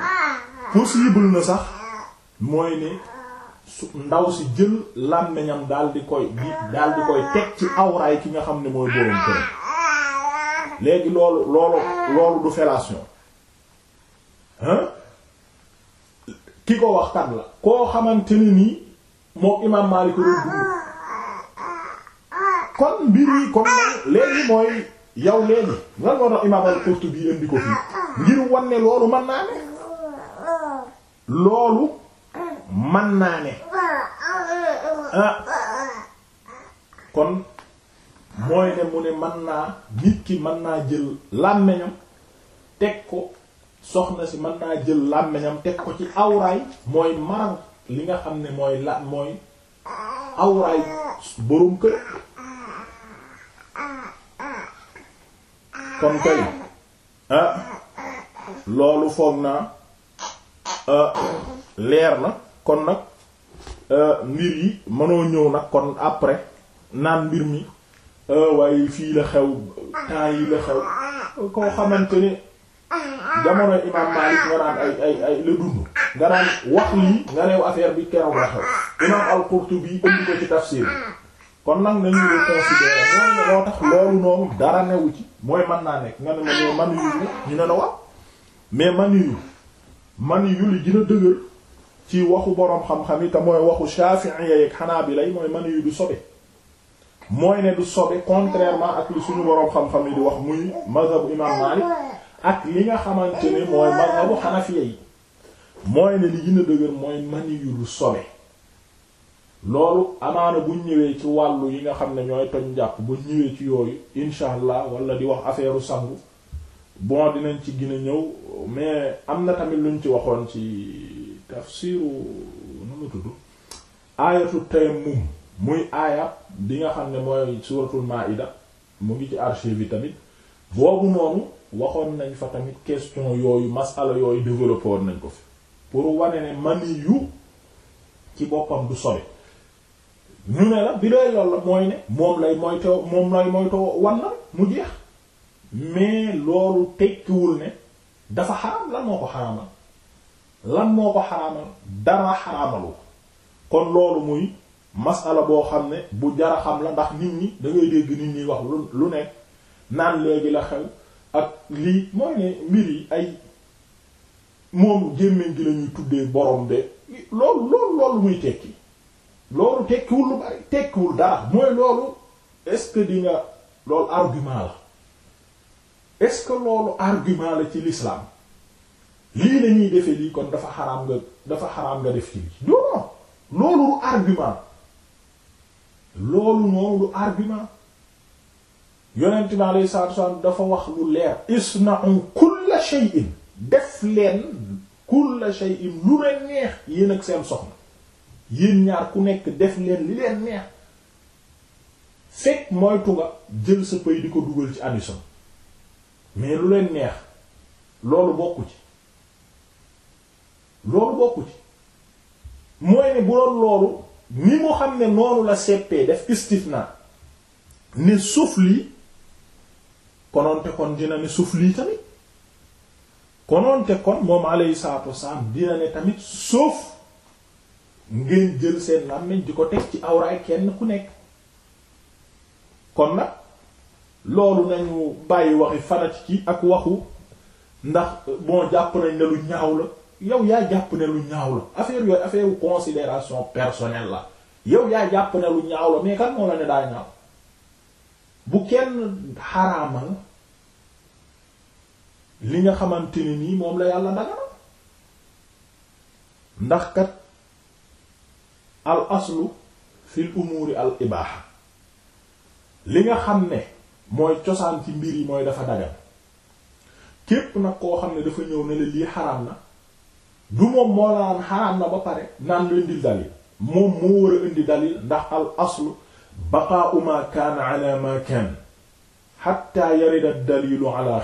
possible na sax mooy ne su ndaw si jël làmmiñam daal di koy daal di koy teg ci awraay ki nga xam ne mooy boroom këram léegi loolu loolu loolu du fellation hein ki ko wax kan la koo xamante ni nii moom imaam Maalik doon dund kon mbir yi kon léegi mooy yow léegi lan moo tax imaam al-Qurtubi indi ko fii ngir wan ne loolu man naa ne loolu mën naa ne ah kon mooy ne mu ne mën naa nit ki mën naa jël làmmeñam teg ko soxna si mën naa jël làmmeñam teg ko ci awraay mooy maram li nga xam ne mooy la mooy awraay boroom kër kon kay ah, loolu foog naa ah, leer na kon nag ah, mbir yi mënoo ñëw nag kon après naan mbir mi waaye fii la xew temps yi la xew koo xamante ni jamono imam Malik nga naan ay ay la dund nga naan wax lii nga new affaire bi keroog la xew imam al-Qurtubi ëmb ko ci tafsir kon nag nañu reconsidérer loolu loo tax loolu noonu dara newu ci mooy mën naa nekk nga ne ma ne man yu ñu ne la wax mais man yu man yu dina dëgër ci waxu boroom xam-xam yi te mooy waxu Shafi'i ak Hanabila mooy man yu du sobe mooy ne du sobe contrairement ak li suñu boroom xam-xam yi di wax muy mazhabu imam Malik ak li nga xamante ne mooy mazhabu Hanafiya yi mooy ne li dina dëgër mooy man yu du sobe loolu amaana buñ ñëwee ci wàllu yi nga xam ne ñooy toñ jàpp buñ ñëwee ci yooyu incha allah walla di wax affaire sangu bon dinañ ci gën ñëw mais am na tamit luñ ci waxoon ci tafsiru nu mu tudd ayatu tayammum muy aaya bi nga xam ne mooy suratul maida mu ngi ci archive yi tamit boobu noonu waxoon nañ fa tamit question yooyu masala yooyu développé nañ ko fi pour wane ne mani yu ci boppam du sori ñu ne la bi doy lool la mooy ne moom lay moytoo moom lay moytoo wan na mu jeex mais loolu tekkiwul ne dafa xaraam lan moo ko xaraamal lan moo ko xaraamal dara xaraamalu kon loolu muy masala boo xam ne bu jara xam la ndax nit ñi dangay ngay dégg nit ñi wax lu lu nekk naan léegi la xew ak lii mooy ne mbir ay moom gémmiñ gi lañuy tuddee borom de loolu loolu loolu muy tekki loolu tekkiwul lu bari tekkiwul dara mooy loolu est-ce que loolu argument la est loolu argument la ci l'islam lii la ñuy defee lii kon dafa xaraam nga dafa xaraam nga def ci lii non loolu lu argument loolu noonu lu argument yonent bi alayhi salaatu wasallam dafa wax lu leer isna'u kulla shay'in def leen kulla shay'in lu leen neex yéen ak seen soxna yéen ñaar ku nekk def leen li leen neex fekk moytu nga jël sa pay di ko dugal ci addison mais lu leen neex loolu bokku ci loolu bokku ci mooy ne bu loolu ni mu xam ne noonu la seppee def istifna ne suuf lii kononte kon dina ne suuf lii tamit kononte kon moom alayhi salaatu wasalaam dina ne tamit suuf ngeen jël seen làmmiñ di ko teg ci awraay kenn ku nekk kon nag loolu nañu bàyyi waxi fanat ci ak waxu ndax moo jàpp nañ ne lu ñaaw la yow yaa jàpp ne lu ñaaw la affaire yooyu affaire wu considération personnelle la yow yaa jàpp ne lu ñaaw la mais kan moo la ne daa ñaaw bu kenn xaraamal li nga xamante ne nii moom la yàlla daga ndax kat al aslu fil umuri al ibaaxa li nga xam ne mooy cosaan ci mbir yi mooy dafa dagal képp nag koo xam ne dafa ñëw ne lii xaraam na du moom moo naan xaraam na ba pare naan lu indil dalil moom moo war a indi dalil ndax al aslu baqaa'u ma kaana ala ma kaana hatta yarida dalilu ala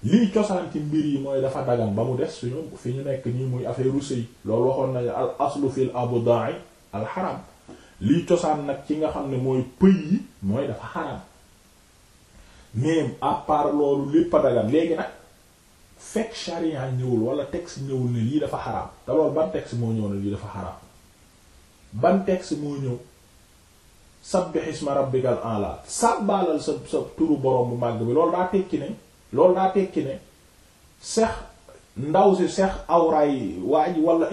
lii cosaan ci mbir yi mooy dafa dagan ba mu des suñu fi ñu nekk nii muy affaire russe yi loolu waxoon nañu al aslu fil abda'i al haram lii cosaan nag ci nga xam ne mooy pëy yi mooy dafa haram mais à part loolu lépp a léegi nag fekk charia ñëwul wala texte ñëwul ne lii dafa haram te loolu ban texte moo ñëw ne lii dafa haram ban texte moo ñëw sabbih isma rabbikal a'la sàbbaalal sa sa turu borom bu màgg bi loolu daa tekki ne loolu daa tekki ne sex ndaw si sex awray waa ji wala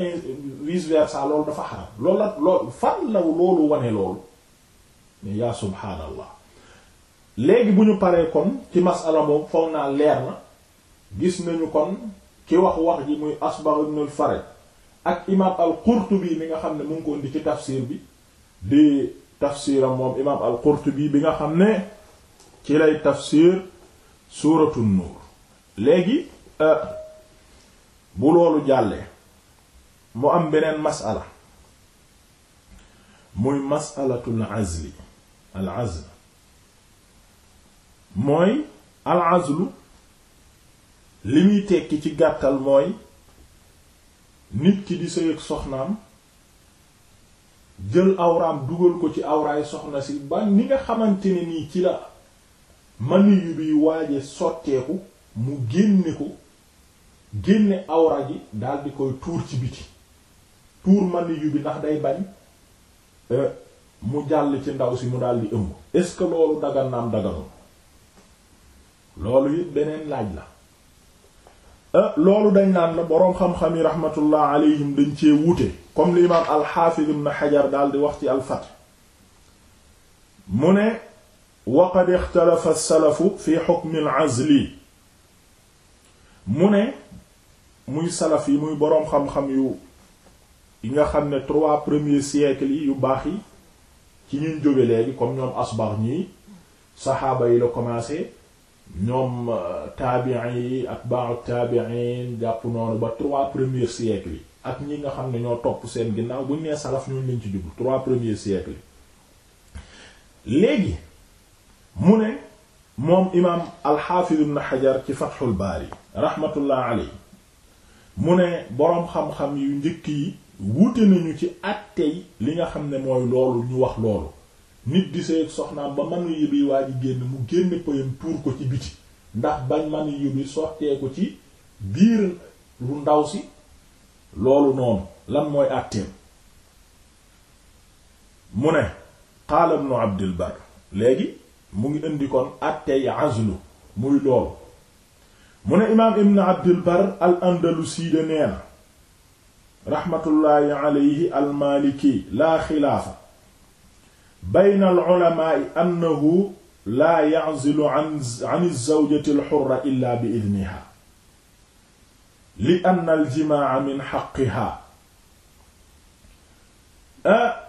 vice versa loolu dafa xaram loolu la loolu fan la loolu wane loolu yaa subhaanallah léegi bu ñu paree kon ci masala moom foog naa leer na gis nañu kon ki wax wax ji muy Asbagh ibn al-Faraj ak imaam al-Qurtubi mi nga xam ne mu ngi ko indi ci tafsir bi di tafsiram moom imaam al bii bi nga xam ne ci lay tafsir suuratu nuur léegi euh, bu loolu jàllee mu am beneen masala muy masalatul azli al azl mooy al azlu li muy tekki ci gàttal mooy nit ki di sëy ak soxnaam jël awraam dugal ko ci awraay soxna si ba ni nga xamante ne nii ci la maniyu biy waaje sotteeku mu génne ko génne awraji daldi dal di koy tuur ci biti tuur maniyu bi ndax day bañ euh, mu jàll ci ndaw si mu dal di ëmb est-ce que loolu dagan naam daganul loolu it beneen laaj la euh, loolu dañ naan la boroom xam-xam yi rahmatullah alayhim dañ cee wuute comme l'imam al-Hafiz ibn Hajar daal di wax ci al mu ne waqad ixtalafa salafu fi xukmi al-azli mu ne muy salaf yi muy boroom xam-xam yu yi nga xam ne trois premiers siècles yi yu baax yi ci ñun jóge léegi comme ñoom asbax ñii saxaaba yi la commencé ñoom euh, taabiin yi ak baaxu taabiin jàpp noonu ba trois premiers siècles yi ak ñi nga xam ne ñoo topp seen ginnaaw buñ nee salaf ñun lañ ci jublu trois premiers siècles yi léegi mu ne moom imaam alxaafiz ibn xajar ci fatxul baari raxmatullah aley mu ne boroom xam-xam yu njëkk yi wuute nañu ci àttey li nga xam ne mooy loolu ñu wax loolu nit di sëy soxnaam ba manu yëbi waa ji génn mu génn pëyam tuur ko ci biti ndax bañ manu yëbi sottee ko ci biir lu ndaw si loolu noonu lan mooy àtteem mu ne qaala ibnu abdul bar léegi mu ngi indi kon attey azlu muy loolu mu ne imaam ibn abdul al andalusi de nee na raxmatullaahi aleyhi al laa xilaafa bayna al ulamaai annahu laa yazilu an an zawjati al xurra illa bi idniha li anna al jimaa min xaqiha ah,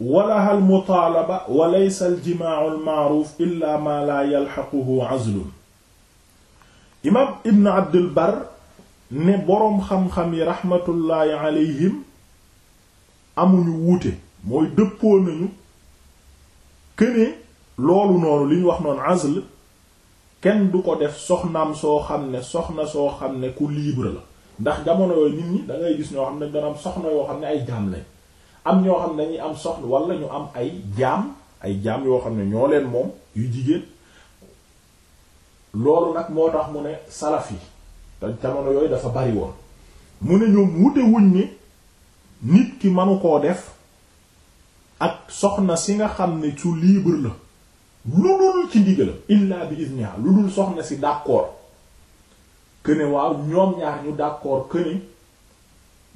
walaha almutaalaba wa laysa aljimaacu almaaruuf illa maa laa yalxaquhu azlun ibn abdul ne boroom xam-xam yi raxmatullaahi aleyhim amuñu wuute mooy dëppoo nañu këne loolu noonu li ñu wax noonu azl kenn du ko def soxnaam soo xam ne soxna soo xam ne ku libre la ndax jamono yooyu nit ñi da gis ñoo xam ne dana am soxna yoo xam ne ay jaam am ñoo xam ne dañuy am soxna wala ñu am ay jaam ay jaam yoo xam ne ñoo leen moom yu jigéen loolu nag moo tax mu ne salaf yi te jamono yooyu dafa bari woon mu ne ñoom wute wuñ ni nit ki manu koo def ak soxna si nga xam ne su libre la lu dul ci ndigalam illa bi izniha lu dul soxna si d'accord que ne waaw ñoom ñaar ñu d'accord que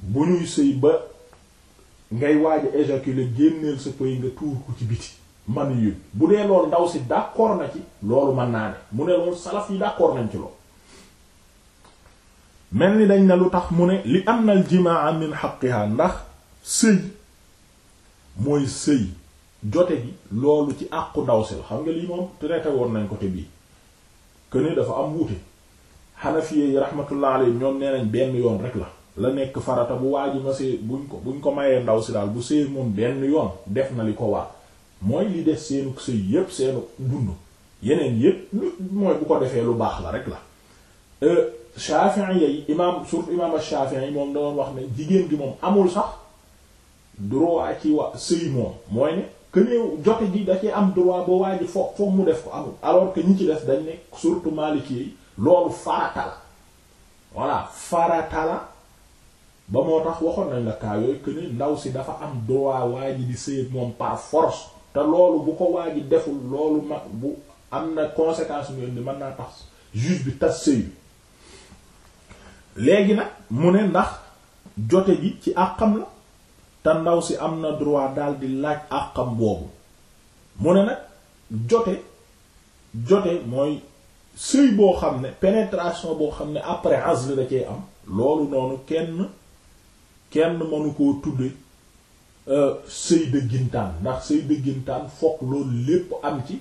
bu ñuy sëy ba ngay waaj a éjaculer génneel sa pëy nga tuur ko ci biti man yu bu dee loolu ndaw si d'accord na ci loolu mën naa ne mu ne loolu salaf yi d'accord nañ ci loolu mel ni dañ na lu tax mu ne li am na al jimaa min haqqiha ndax sëy mooy sëy jote gi loolu ci àqu ndaw si la xam nga lii moom traité woon nañ ko te bii que dafa am wuute Hanafi yi rahmatullah alayhi ñoom nee nañ benn yoon rek la la nekk farata bu waa ji ma see buñ ko buñ ko mayee ndaw si daal bu see moom benn yoon def na li ko waa mooy li def seenu sëy yépp seenu dund yeneen yépp mooy bu ko defee lu baax la rek la euh, Shafi'i yi imaam surtout imaam Shafi'i moom da wax ne jigéen gi moom amul sax droit ci wa sëy mooy ne que ne jote gi am droit ba waa ji mu def ko amul alors que ci dañ ne surtout Maliki yi loolu farata la voilà farata la ba moo tax waxoon nañ la yooyu que ni ndaw si dafa am droit waa ji di sëy moom par force te loolu bu ko waa ji deful loolu ma bu am na conséquence ñu mën naa tax juge bi tas sëy léegi nag mu ne ndax jote ji ci àqam la te ndaw si am na droit daal di laaj àqam boobu mu ne nag jote jote mooy sëy boo xam ne pénétration boo xam ne après azl da cee am loolu noonu kenn kenn mënu koo tudde euh, sëy dëggintaan ndax sëy dëggintaan fokk loolu lépp am ci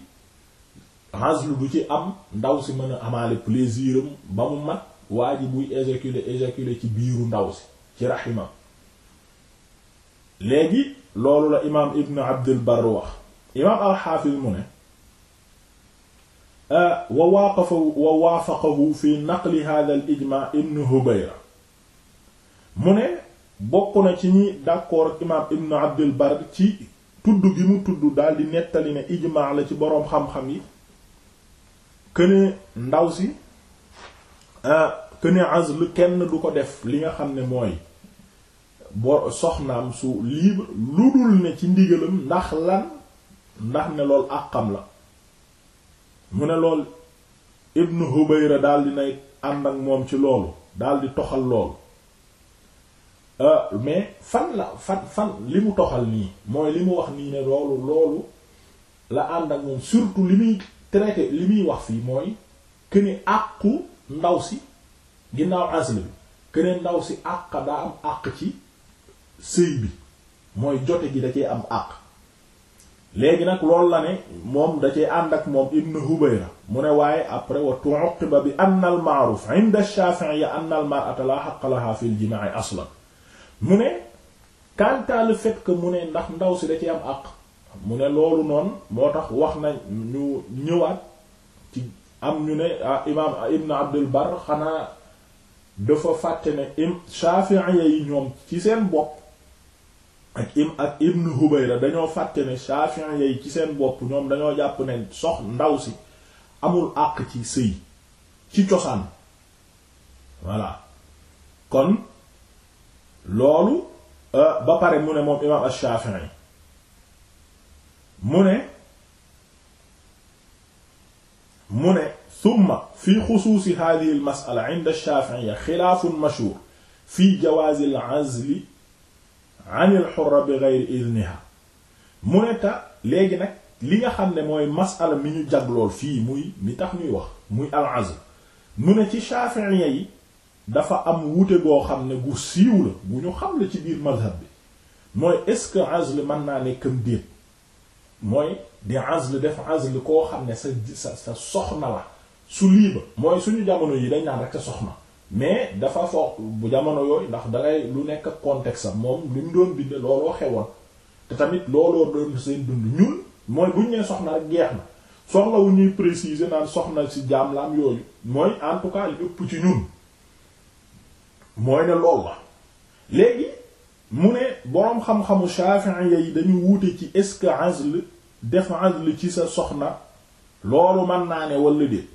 hazlu du ci am ndaw si mën a amaale plaisiram ba mu mat waa ji buy éjaculer ci biiru ndaw si ci raxima léegi loolu la imaam ibn abdul bar wax imaam alxaafiz mu ne euh, wa waaqafahu wa waafaqahu fi naqli hadha al ibn hubayra mu ne bokk na ci ñi d'accord ak imaam ibn abdul bar ci tudd gi mu tudd daal di nettali ne ijmaa la ci boroom xam-xam yi këne ndaw si këne azl kenn du ko def li nga xam ne mooy bo soxnaam su libre lu dul ne ci ndigalam ndax lan ndax ne lool àqam la mu ne lool ibn hubayra daal di nay ànd ak moom ci loolu daal di toxal lool Euh, mais fan la fan fan li mu toxal nii mooy li mu wax nii ne loolu loolu la ànd ak moom surtout li muy traité li muy wax fii mooy que àqu ndaw si ginnaaw asl bi que ndaw si àq daa am àq ci sëy bi mooy jote gi da cee am àq léegi nag loolu la ne moom da cee ànd ak moom Ibn Hubayra mu ne waaye après wa tu'aqiba bi anna al ma'ruf 'inda ash-shafi'i anna al mar'ata la haqqa laha fil jima'i aslan mu ne quant à le mu ne ndax ndaw si da ci am àq mu ne loolu noon moo tax wax na ñu ñëwaat ci am ñu ne ah, imaam ibn abdul bar xanaa dafa fàtte ne im shafi'iyya yi ñoom ci seen bopp ak im ak ibn hubayra dañoo fàtte ne shafi'iyya yi ci seen bopp ñoom dañoo jàpp ne sox ndaw si amul àq ci sëy ci cosaan voilà kon loolu euh, ba pare mu ne moom imaam Ash-Shafi'i mu ne mu ne summa fi xusuusi hadihi al-mas'ala 'inda Ash-Shafi'iyya xilaafun mashhuur fi jawaazi al-'azli 'an al-hurra bighayri idnihaa mu ne ta léegi nag li nga xam ne mooy mas'ala mi ñu jaglool fii muy mi tax ñuy wax muy al-'azl mu ne ci Shafi'iyya yi dafa am wuute boo xam ne gu siiw la bu ñu xam la ci biir mazhab bi mooy est-ce que azl mën naa nekkam déet mooy di azl def azl koo xam ne sa sa sa soxna la su liiba mooy suñu jamono yi dañ naan rek sa soxna mais dafa foog bu jamono yooyu ndax dangay lu nekk contexte am moom li mu doon bind looloo xewoon te tamit looloo doon seen dund ñun mooy buñ nee soxna rek geex na soxla wu ñuy préciser naan soxna si jaam la am yooyu mooy en tout cas ci ñun mooy ne lool la léegi mu ne boroom xam-xamu Shafi'i yi dañu wuute ci est-ce que azl def azl ci sa soxna loolu mën naa ne wala déet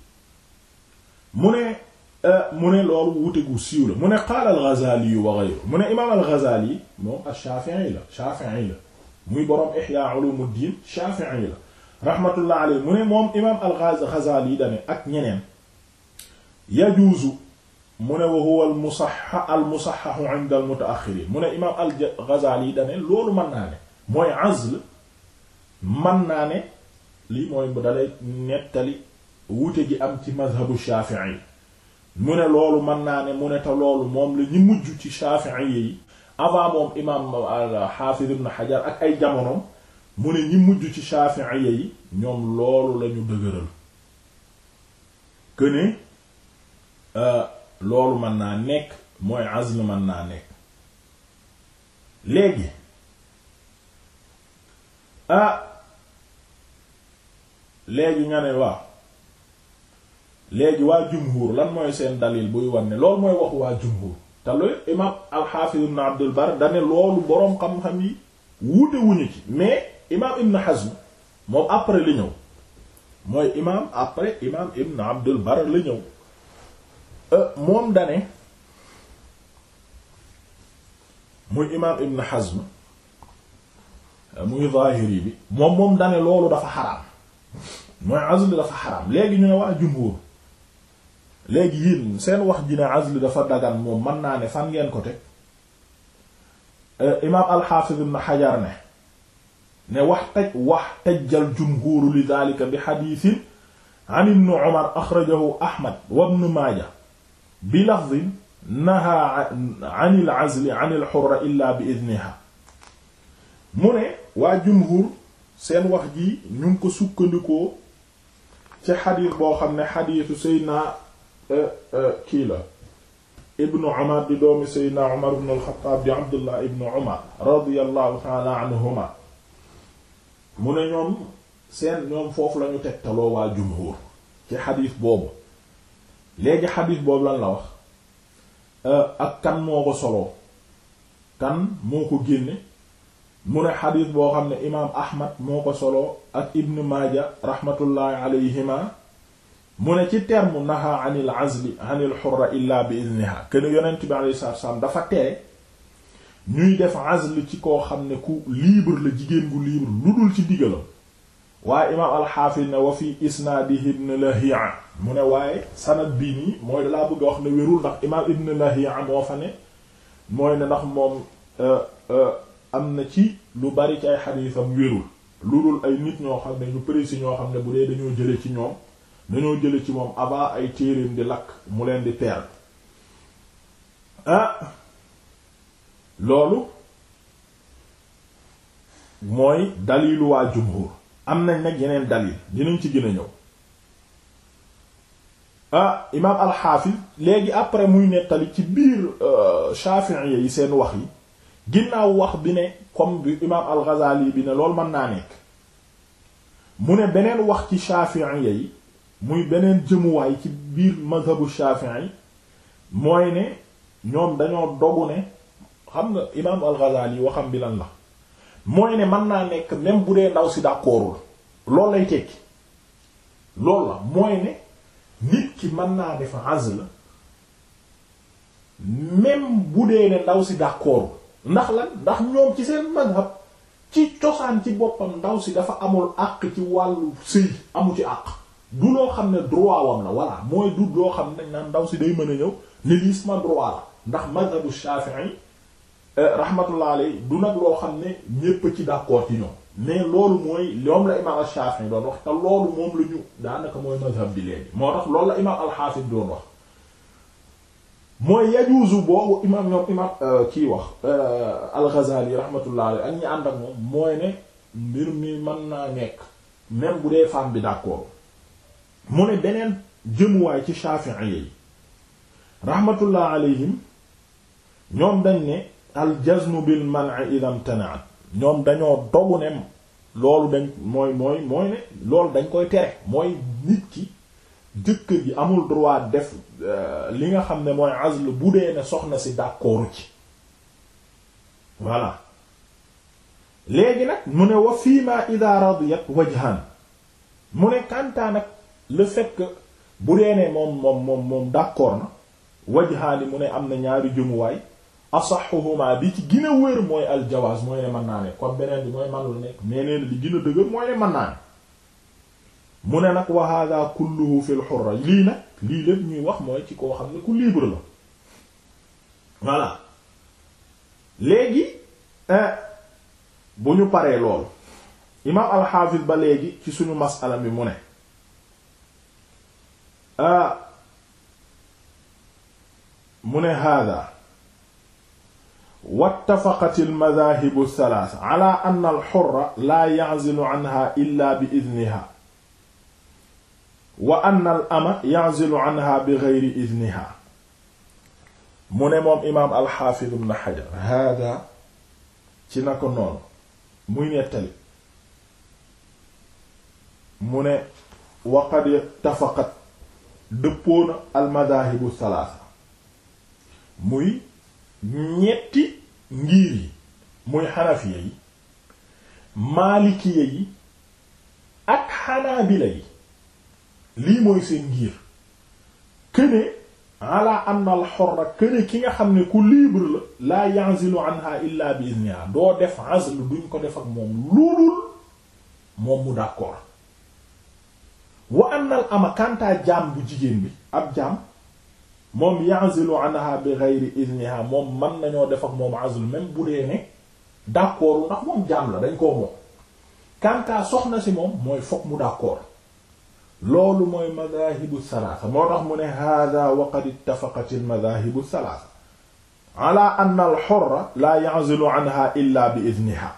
mu ne euh, mu ne loolu wuute gu siiw la mu ne qaala al-Ghazali yu wa ghayru mu ne imaam al-Ghazali moom ash-Shafi'i la Shafi'i la muy boroom Ihya Ulumuddin Shafi'i la rahmatullah alayhi mu ne moom imaam al-Ghazali dane ak ñeneen yajuuzu mu ne wa huwa al musahha al musahhahu inda al mutaaxirin mu ne imaam al Ghazali dane loolu mën naa ne mooy azl mën naa ne lii mooy dalay nettali wuute gi am ci mazhabu yi mu ne loolu mën naa ne mu ne te loolu moom la ñu mujj ci Shafi'i yi avant moom imaam al Hafiz ibn Hajar ak ay jamonoom mu ne ñi mujj ci Shafi'i yi ñoom loolu lañu dëgëral que loolu mën naa nekk mooy azl mën naa nekk léegi ah léegi nga ne waaw léegi waa jumhur lan mooy seen dalil buy wan ne loolu mooy waxu waa jumhur te loolu imaam alxaafiz ibn abdul bar dane loolu boroom xam-xam yi wuute wuñu ci mais imaam ibn hazm moom après li ñëw mooy imaam après imaam ibn abdul bar la ñëw Euh, moom dane muy imaam ibn Hazm euh, muy zahiri bi moom moom dane loolu dafa xaraam mooy azl dafa xaraam léegi ñu ne waa jumhur léegi yéen seen wax ji ne azl dafa dagan moom mën naa ne fan ngeen ko teg euh, imaam al-Hafiz ibn Hajar ne ne wax taj wax tajjal jumhuru li daalika bi xadiisin an ibn Umar axrajahu Ahmad wa ibn Maaja bi lafdin naha an il azli an il xurra illa bi idniha mu ne waa jumhur seen wax ji ñu ngi ko sukkandikoo ci xadiis boo xam ne xadiisu seydna eh, eh, kii la ibnu umar di doomi seydna umar ibnu alxataab di abdullah ibnu umar radiallahu taala anhuma mu ne ñoom seen ñoom foofu lañu tegtaloo waa jumhur ci xadiis boobu léegi xadis boobu lan la wax euh, ak kan moo ko soloo kan moo ko génne mu ne xadis boo xam ne imaam ahmad moo ko soloo ak ibn maaja rahmatullahi alayhima mu ne ci terme naha anil azli anil xurra illa bi idniha kene yonent bi alayhi salaatu dafa tere ñuy def azl ci koo xam ne ku libre la jigéen gu libre lu dul ci digalam waaye imaam alxaafis ne wa fi isnaadihi ibn Lahi'a mu ne waaye sanad bii nii mooy dalaa bëgg a wax ne wérul ndax imaam ibn Lahi'a moo fa ne mooy ne ndax moom euh, euh, am na ci lu bari ci ay xadiisam wérul lu dul ay nit ñoo xam ne ñu précis ñoo xam ne bu dee dañoo jële ci ñoom dañoo jële ci moom abaa ay téereem di lakk mu leen di teel ah loolu mooy dalilu jumhur am nañ nag yeneen dalil dinañ ci gën a ñëw ah imaam alxaafis léegi après muy nettali ci biir euh, shafi'iyya yi seen wax yi ginnaaw wax bi ne comme bi imaam al bi ne loolu mën naa nekk mu ne beneen wax ci shafi'iyya yi muy beneen jëmuwaay ci biir mazhabu yi mooy ne ñoom dañoo dogu ne xam nga imaam al-Ghazali waxam bi lan la mooy ne mën naa nekk même bu dee ndaw si d'accordul loolu lay tekki loolu la mooy ne nit ki mën naa def azl la même bu dee ne ndaw si d'accordul ndax la ndax ñoom ci seen mazhab ci cosaan ci boppam ndaw si dafa amul àq ci wàllu sëy amu ci àq du loo xam ne droit wam la voilà mooy du loo xam ne dañ naan ndaw si day mën a ñëw ne lii sama droit la ndax mazhabu Shafi'i Euh, rahmatullah alayhi du nag loo xam ne ñépp ci d'accord ci ñoom mais loolu mooy loom la imaam Shafi'i doon wax te loolu moom la ñu daanaka mooy mazhab bi léegi moo tax loolu la imaam al-Hafiz doon wax mooy yajuuzu boobu imaam ñoom imaam euh, kii wax euh, al-Ghazali rahmatullah alayhi ak ñi ànd ak moom mooy ne mbir mi mën naa nekk même bu dee femme bi d'accord mu ne beneen jëmuwaay ci Shafi'i yi rahmatullah alayhim ñoom dañ ne al jazmu bil man'i idam tana'at ñoom dañoo dogu ne loolu dañ mooy mooy ne loolu dañ koy tere mooy nit ki jëkkër ji amul droit def euh, li nga xam ne mooy azl bu dee ne soxna si d'accordu ci voilà léegi nag mu ne wa fiima ida radiyat wajhan mu ne kantaa nag le fait bu dee ne moom moom moom moom d'accord na wajhaani mu ne am na ñaari jumuwaay asaxuhuma bi ci gën a wér mooy aljawaaz mooy ne mën naa ne kon beneen bi mooy manul nekk neeneen li gën a dëgër mooy ne mën naa ne mu ne nag wa hada kulluhu fil hurra lii nag lii lépp ñuy wax mooy ci koo xam ne ku libre la voilà léegi euh, bu ñu paree lool imaam alxaafis ba léegi ci suñu masala bi mu ne euh, mu ne hada wattafaqat almadahibu thalaatha ala anna alxurra laa ya'zilu anha illa bi idniha wa anna al ama ya'zilu anha bi ghayri idniha mu ne moom imaam alxaafid ibn xajar hada ci na ko noonu muy nettali mu ne waqad ittafaqat dëppoona almadahibu thalaatha muy ñetti ngir yi muy xanafiya yi maalikiya yi ak xanaabila yi lii mooy seen ngir këne ala anna al xorra këne ki nga xam ne ku libre la laa yanzilu anha illa bi izniha doo def azl duñ ko def ak moom luulul moom mu d'accord wa anna al ama kantaa jaam bu jigéen bi ab jaam moom ya'zilu anha bi ghayri idniha moom man nañoo def ak moom azl même bu dee ne d'accord ndax moom jaam la dañ koo moom kantaa soxna si moom mooy fokk mu d'accord loolu mooy madhahibu salaasa moo tax mu ne hada wa qad ittafaqat al madhahibu salaasa ala anna al hurra la ya'zilu anha illa bi idniha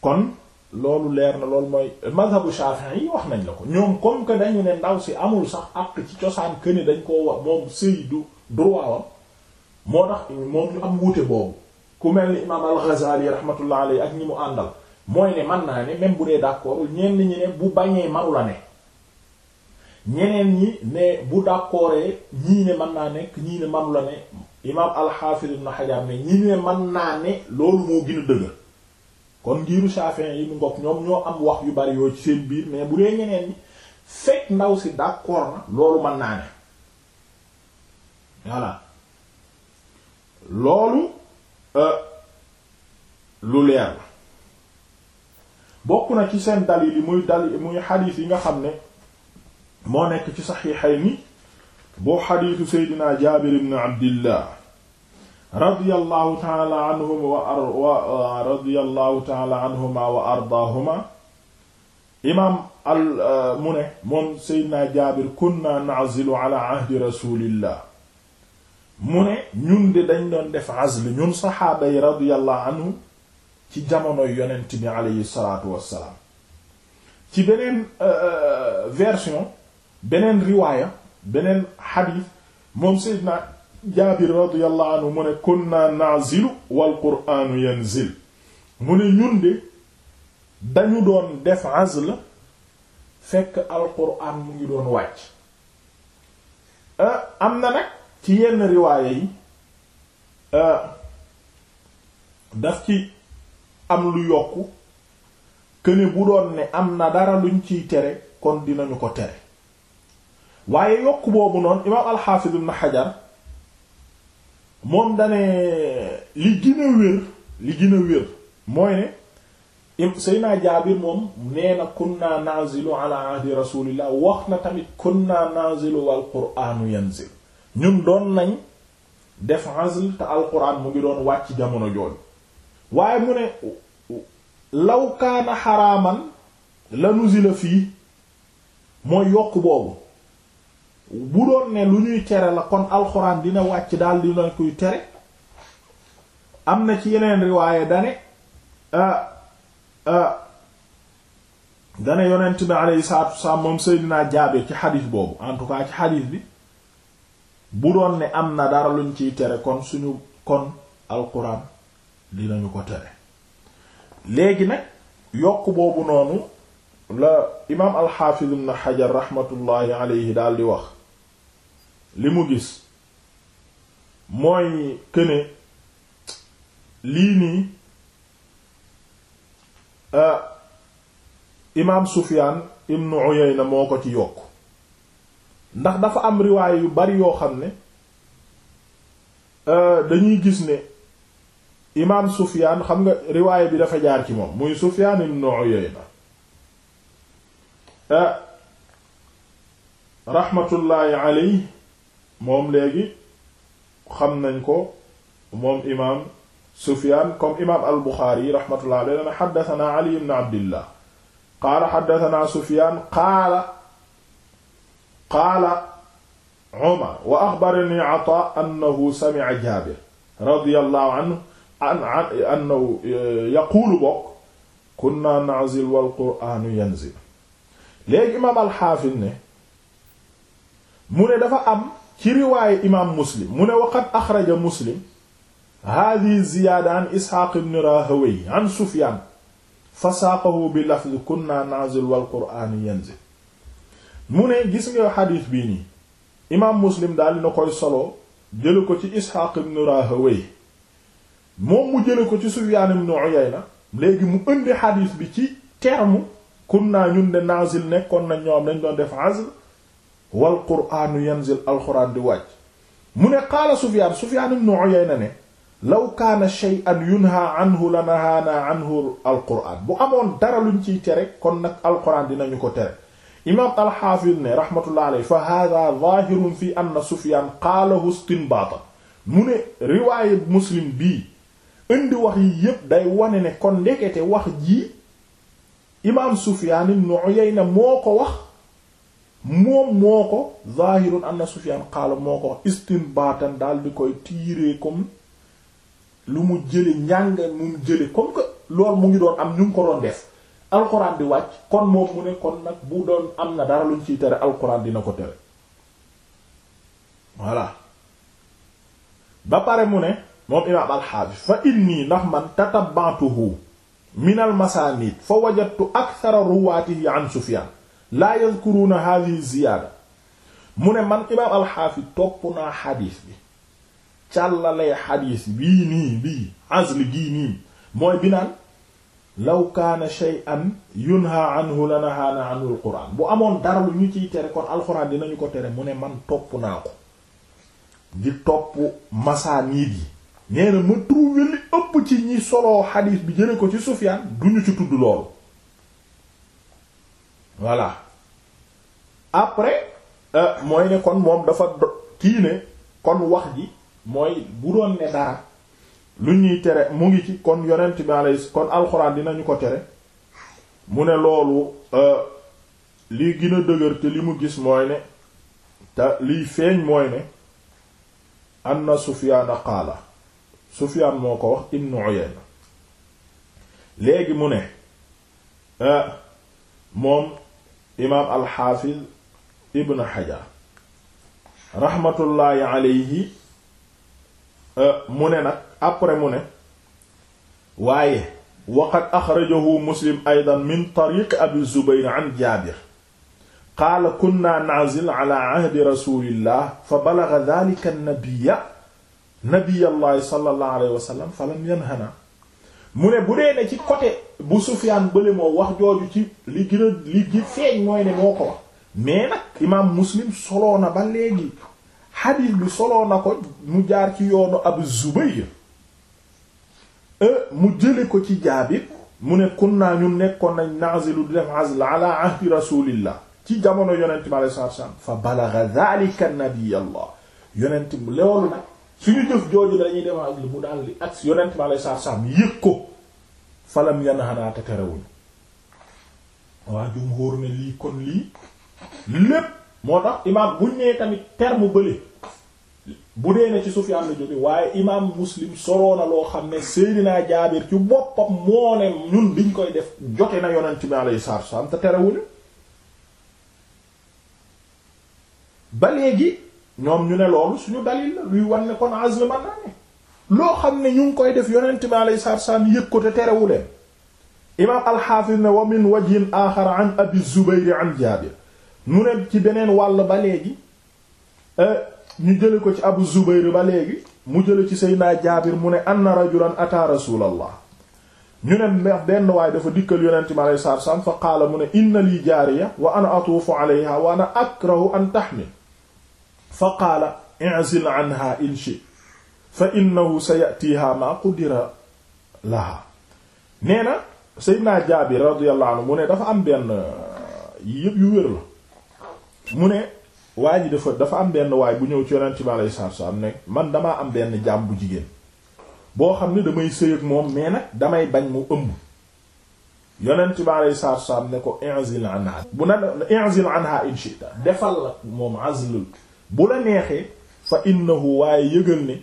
kon loolu leer na loolu mooy mazhabu Shafi'i yi wax nañ la ko ñoom comme que dañu ne ndaw si amul sax àq ci cosaan que dañ koo wax moom sëy du moo tax moom ñu am wuute boobu ku mel ni imaam al-Ghazali rahmatullah alayhi ak ñi mu àndal mooy ne man naa ne bu dee d'accord ñenn ñi ne bu bañee manu ne ñeneen ñi ne bu d'accordee mën naa nekk ñii ne manu la ne ñii ne mën naa ne loolu moo gën a dëgër kon ngiiru Shafi'i yi mu ngoog ñoom ñoo am wax yu bari yoo ci seen biir mais bu dee ñeneen fekk ndaw si d'accord na loolu mën naa ne voilà loolu euh, lu leer la bokk na ci seen dalil yi muy dalil muy xadiis yi nga xam ne moo nekk ci saxiixayni boo xadiisu Seydina Jaabir ibn Abdillah radiyallahu taala anhuma wa uh, radiyallahu taala anhuma wa ardaahuma imaam al uh, mu ne moom seydina jaabir kunna na'zilu ala ahdi rasulillah mu ne ñun de dañ doon def azl ñun saxaaba yi radiyallahu anhu ci jamonoy yonent bi aleyhi salaatu wassalaam ci beneen uh, version beneen riwaaya beneen xadiis moom seydina jaabir radiyallahu anhu mu ne kunna na'zilu wal qur'anu yanzil mu ne ñun de dañu doon def azl fekk al qur'an mu ngi doon wàcc eh, am na nag ci yenn riwaaye yi eh, daf ci am lu yokku këne bu doon ne am na dara luñ ciy tere kon dinañu ko tere waaye yokk boobu noonu imaam alxaafis ibn xajar moom dane li gën a wér li gën wér mooy ne Seydina Jaabir moom nee na kunna nazilu ala ahdi rasulillah wax na tamit kunna nazilu wal qur'anu yanzil ñun doon nañ def azl te alquran mu ngi doon wàcc jamono jooju waaye mu ne law kaana xaraaman la fii mooy yokk boobu bu doon ne lu ñuy tere la kon alxuraan dina wàcc daal dina kuy tere am na ci yeneen riwaaye dane ah, ah, dane yonent bi alayhi salaatu wasalaam moom dinaa Jaabir ci xadiis boobu en tout cas ci xadiis bi bu doon ne am na dara luñ ciy tere kon suñu kon alxuraan dinañu ko tere léegi nag yokk boobu noonu la imaam alxaafiz ibn Hajar raxmatullaahi alayhi daal di wax li mu gis mooy këne lii nii euh, imaam Sufyaan ibnu Uyayna moo ko ci yokk ndax dafa am riwaay yu bari yoo xam ne euh, dañuy gis ne imaam Sufyaan xam nga riwaay bi dafa jaar ci moom muy Sufyaan ibnu Uyayna euh, raxmatullaahi alayhi moom léegi xam nañ ko moom imaam Sufyaan comme imaam al-Buxaari rahmatullah alayhi dana xaddasanaa Ali ibn Abdillah qaala xaddasanaa Sufyaan qaala qaala Umar wa axbaranii Ataa annahu sami'a Jaabir radiyallahu anhu annahu yaquulu bokk kunna na'zil wal qur'aanu yanzil léegi imaam al-Xaafis ne mu ne dafa am ci riwaaye imaam muslim mu ne waqad axraja muslim hadi ziyaada an isxaaq ibn rahawey an sufyaan fa saaqahu bi lafz kunna nazil wal qur'aan yanzil mu ne gis nga xadiis bi nii imaam muslim daal na koy solo jële ko ci isxaaq ibn rahawey moom mu jële ko ci sufyaan ibn uyayna léegi mu indi xadiis bi ci terme kunna ñun de nazil nekkoon nañ ñoom dañ doon def azl wal quraanu yanzil alxuraan di wàcc mu ne qaala sufyaan sufyaan ibn uyayna ne law kaana shay'an yunha anhu la nahaana anhu alquraan bu amoon dara luñ ciy tere kon nag alquraan dinañu ko tere imaam alxaafid ne rahmatullah alayhi fa hada zaahirun fi anna sufyaan qaalahu istinbaata mu ne riwaaye muslim bii indi wax yi yépp day wane ne kon ndekete wax jii imaam sufyaan ibn uyayna moo ko wax moom moo ko am na Sufyan qaala moo ko istin istinbaatan daal di koy tiiree comme lu mu jële njàng mu jële comme que loolu mu ngi doon am ñu ngi ko doon def alxuraan di wàcc kon moom mu ne kon nag bu doon am na dara luñ ciy tere alxuraan dina ko tere voilà ba pare mu ne moom imaam alxaafis fa inni ndax man tatabaatuhu min al masaanid fa wajadtu akthara ruwaatihi an Sufyan laa yazkuruna hadhihi ziyaada mu ne man imaam alxaafis topp naa xadiis bi càllalay xadiis bii nii bii azl gii nii mooy bi law kaana shay'an yunha anhu la nahaana anhu alquran bu amoon dara lu ñu ciy tere kon alquran dinañu ko tere mu ne man topp naa ko di topp masaaniid yi nee na ma trouvé li ëpp ci ñi soloo xadiis bi jële ko ci Sufyaan duñu ci tudd loolu voilà après euh, mooy ne kon moom dafa kii ne kon wax ji mooy bu doon ne dara lu ñuy tere mu ngi ci kon yonent bi kon alxuraan dinañu ko tere mu ne loolu euh, li gën dëgër te li mu gis mooy ne te liy feeñ mooy ne anna Sufyaan qaala Sufyaan moo ko wax ibnu Uyayna léegi mu ne euh, moom imaam alxaafiz ibn xajar raxmatullaahi alayhi euh, mu ne nag après mu ne waaye waqad axrajahu muslim aydan min tariqi abi zubayr an jaabir qaala kunna naazil ala ahdi rasulillah fa balaga dalika nabiyya nabiyyallahi sallallahu alayhi wa sallam falam yanhana mu ne bu dee ne ci côté bu Sufyaan bële moom wax jooju ci li gën a li gi feeñ mooy ne moo ko wax mais nag imaam Muslim soloo na ba léegi xadiis bi soloo na ko mu jaar ci yoonu Abu Zubayr e, mu jële ko ci Jaabir mu ne kunnaa ñun nekkoon nañ na'zilu di def azl ala ahdi rasulillah ci jamono yonent bi alayhi salaatu wa salaam fa balagha zaalika nabiyallah yonent loolu suñu jëf jooju dañuy dem ak li mu daal di ak yonent lay saa saam yëg ko falam yanhanaa te terewuñu waa jumhur ne lii kon lii lépp moo tax imaam buñ nee tamit terme bële bu dee ne ci Sufyaan la jóge waaye imaam Muslim soroona xam ne Seydina Jaabir ci boppam moo ne ñun liñ koy def jote na yonent lay alayhi salaatu wa salaam te terewuñu ba léegi ñoom ñu ne loolu suñu dalil la luy wan kon azl mën naa loo xam ne ñu koy def yonent bi alayhi salaatu salaam yëg ko te terewuleen imaam alxaafis ne wa min wajhin aaxar an abi zubayri an jaabir mu ne ci beneen wàll ba léegi euh, ñu jële ko ci abu zubayr ba léegi mu jële ci seydinaa jaabir mu ne anna rajulan ata rasulallah ñu ne benn waay dafa dikkal yonent bi alayhi salaatu salaam fa qaala mu ne inna lii jaariya wa ana atuufu alayha wa ana akrahu fa qaala i'zil anha in shi fa innahu sayatiha ma qudira laha nee na seydna jaabir radiyallahu anhu mu ne dafa am benn yëpp yu wér la mu ne waa ji dafa dafa am benn waay bu ñëw ci yonent bi alayhi salaatu salaam ne man damaa am benn jaam bu jigéen boo xam ne damay sëy ak moom mais nag damay bañ mu ëmb yonent bi alayhi salaatu salaam ne ko i'zil anha bu na i'zil anha in defal la moom azlul bu la neexee fa innahu waaye yëgal ne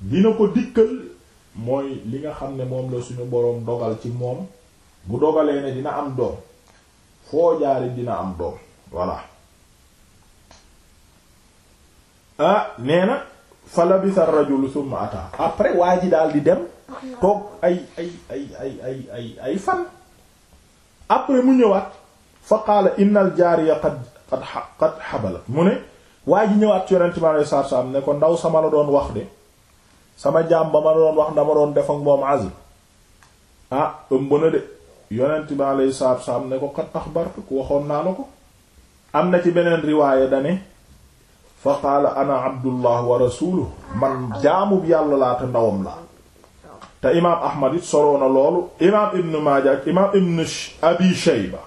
dina ko dikkal mooy li nga xam ne moom la suñu boroom dogal ci moom bu dogalee ne dina am doom foo jaari dina am doom voilà ah nee na fa labisa rajulu summa sumata après waa ji daal di dem toog ay ay ay ay ay fan après mu ñëwaat fa qaala innal jaariya qad qad qad mu ne waa ji ñëw ci yonent bi alayhi salaatu salaam ne ko ndaw sama la doon wax de sama jaam ba ma doon wax dama doon def ak moom azl ah ëmb de yonent bi alayhi salaatu salaam ne ko qad axbartuk waxoon naa la ko am na ci beneen riwaaya dane fa qaala ana abdullah wa rasuluhu man jaamub yàlla laa te ndawam laa te imaam ahmad it soloo loolu imaam ibn maaja imaam ibn abi shayba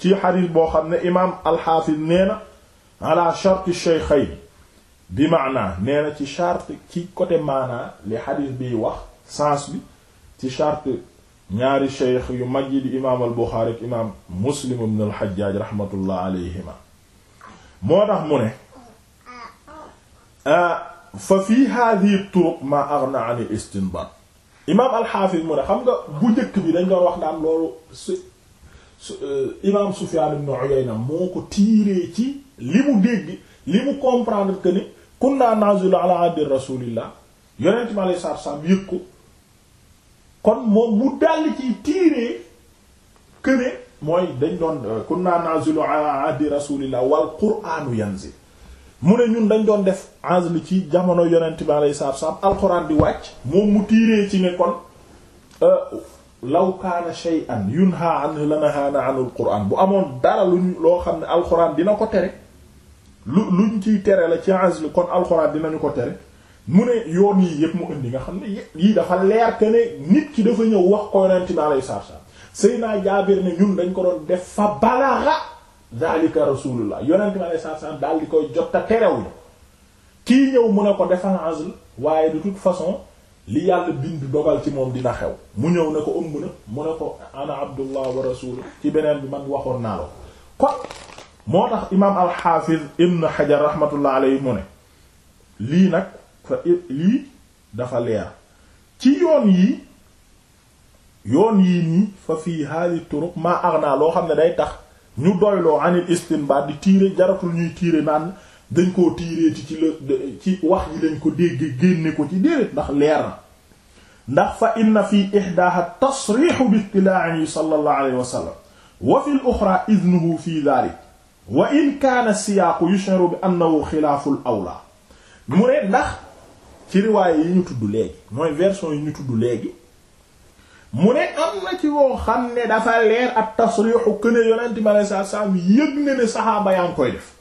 ci xadiis boo xam ne imaam alxaafis nee na ala sharti shaykhayn bi maana nee na ci charte ci côté maana li xadis biy wax sens bi ci charte ñaari cheikh yu mag yi di imaam al Buxaari ak imaam Muslim ibn al Hajjaaj rahmatullah alayhima moo tax mu ne fa fii haadihi turuq maa aghnaa an istinbaat imaam al Xaafis mu ne xam nga bu njëkk bi dañ doon wax naan loolu Euh, imaam Sufyaan ibn Uyayna moo ko tiiree ci li mu dégg li mu comprendre que ni kunna nazulu ala abdi rasulillah yonent mi alayhi salaatu salaam yëg kon moom mu dal ci tiiree que mooy dañ doon euh, kunna nazulu ala abdi rasulillah wal qur'anu yanzil mu ne ñun dañ doon def azl ci jamono yonent mi alayhi salaatu salaam alxuraan di wàcc moom mu tiiree ci ne kon. Euh, law kaana shay'an yunha anhu lanahaana anul qur'an bu amoon dara ñu loo xam ne alxuraan dina ko tere lu luñ ciy tere la ci azl kon alxuraan dinañu ko tere mu ne yoon yii yépp mu indi nga xam ne yii dafa leer te ne nit ki dafa ñëw wax ko yonent bi alayhi salaatu salaam Seydina Jaabir ne ñun dañ ko doon def fa balagha zalika rasulullah yonent bi alayhi salaatu salaam daal di koy jot a terewul kii ñëw mu ne ko defal azl waaye de toute façon li yàlla bind dogal ci moom dina xew mu ñëw ne ko ëmb na mu ne ko ana abdullah wa rasulu ci beneen bi mag waxoon naa la ko kon moo tax imaam alxaafiz ibn xajar rahmatullah mu ne lii nag fa lii dafa leer ci yoon yi yoon yi nii fa fii hadi turuq maa aghna loo xam ne day tax ñu doyloo anil istinbaat di tiire jaratul ñuy tiire naan dañ koo tiireeti ci la ci wax ji lañ ko dégg génne ko ci déedéet ndax leer na ndax fa in fi ihdaha tasrixu bi ittilaa'ihi sallallahu alayhi wa sallam wa fi al-uxra idnuhu fi dalik bi annahu xilaafu al-awlaa mu ne ndax ci riwaaye yi ñu tudd léegi mooy version yi ñu tudd léegi mu ne am na ci woo xam ne dafa leer ak tasrixu këne yonente bi alayhi salaatu wa salaam yëg ne ne saxaaba koy def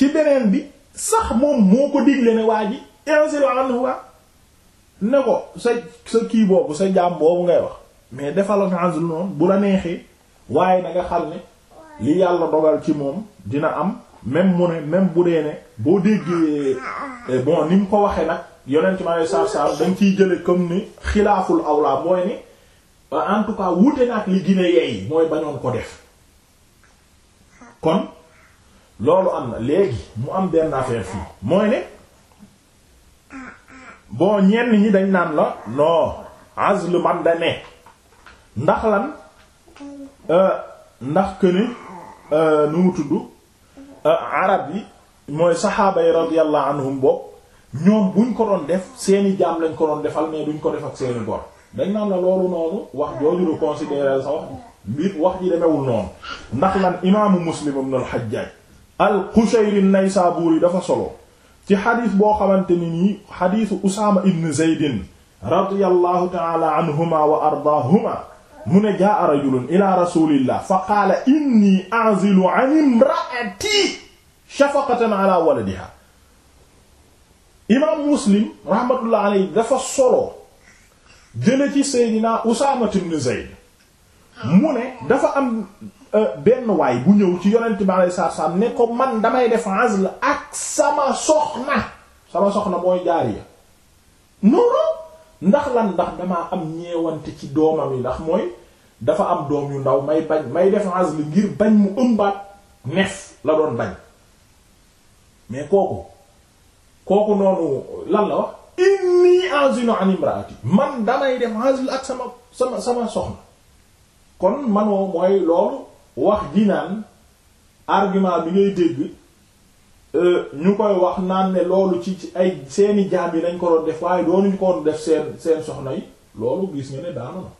ci beneen bi sax moom moo ko digle ne waa ji insil anwa ne ko sa sa kii boobu sa jaam ngay wax mais defal nga noonu bu la neexee waaye na nga xam ne li yàlla dogal ci moom dina am même mu ne même bu dee ne boo déggee eh, bon ni mu ko waxee nag yonent ma lay saaf-saaf da ciy jële comme ni xilaaful awla mooy ni en tout cas wuute nag li gine yeey mooy bañoon ko def kon loolu am na léegi mu am benn affaire fii mooy ne bon ñenn ñi dañ naan la non azl man da ne ndax lan euh, ndax que ne euh, nu mu tudd euh, arab yi mooy saxaaba yi radiyallahu anhum bopp ñoom buñ ko doon def seeni jaam lañ ko doon defal mais duñ ko def ak seeni bor dañ naan la loolu noonu wax jooju du considérer sa wax mbir wax ji demewul noonu ndax lan imaamu muslim ibn al-Hajjaj al-Qushayri an-Naysaburi dafa solo ci xadis boo xamante ni nii xadisu Usaama ibn Zaydin radiyallahu ta'ala anhuma wa ardaahuma mu ne jaa'a rajulun ila rasulillah fa qaala inni a'zilu 'an imra'ati shafaqatan 'ala waladiha imaam Muslim rahmatullah alayhi dafa solo jële ci Seydina Usaama ibn Zayd mu ne dafa am Euh, benn waay bu ñëw ci yonent bi alayhi salaatu ne ko man damay def azl ak sama soxna sama soxna mooy jaariya noonu ndax lan ndax damaa am ñeewante ci doomam ndax mooy dafa am doom yu ndaw may bañ may def azl ngir bañ mu ëmbaat neef la doon mais kooku kooku noonu lan la man damay def ak sama sama sama soxna kon manoo mooy loolu wax ji naan argument bi ngay dégg euh, ñu koy wax naan ne loolu ci ci ay seeni jaam yi lañ ko doon def waaye doonuñu ko doon def seen seen soxna yi loolu gis nga ne daanu na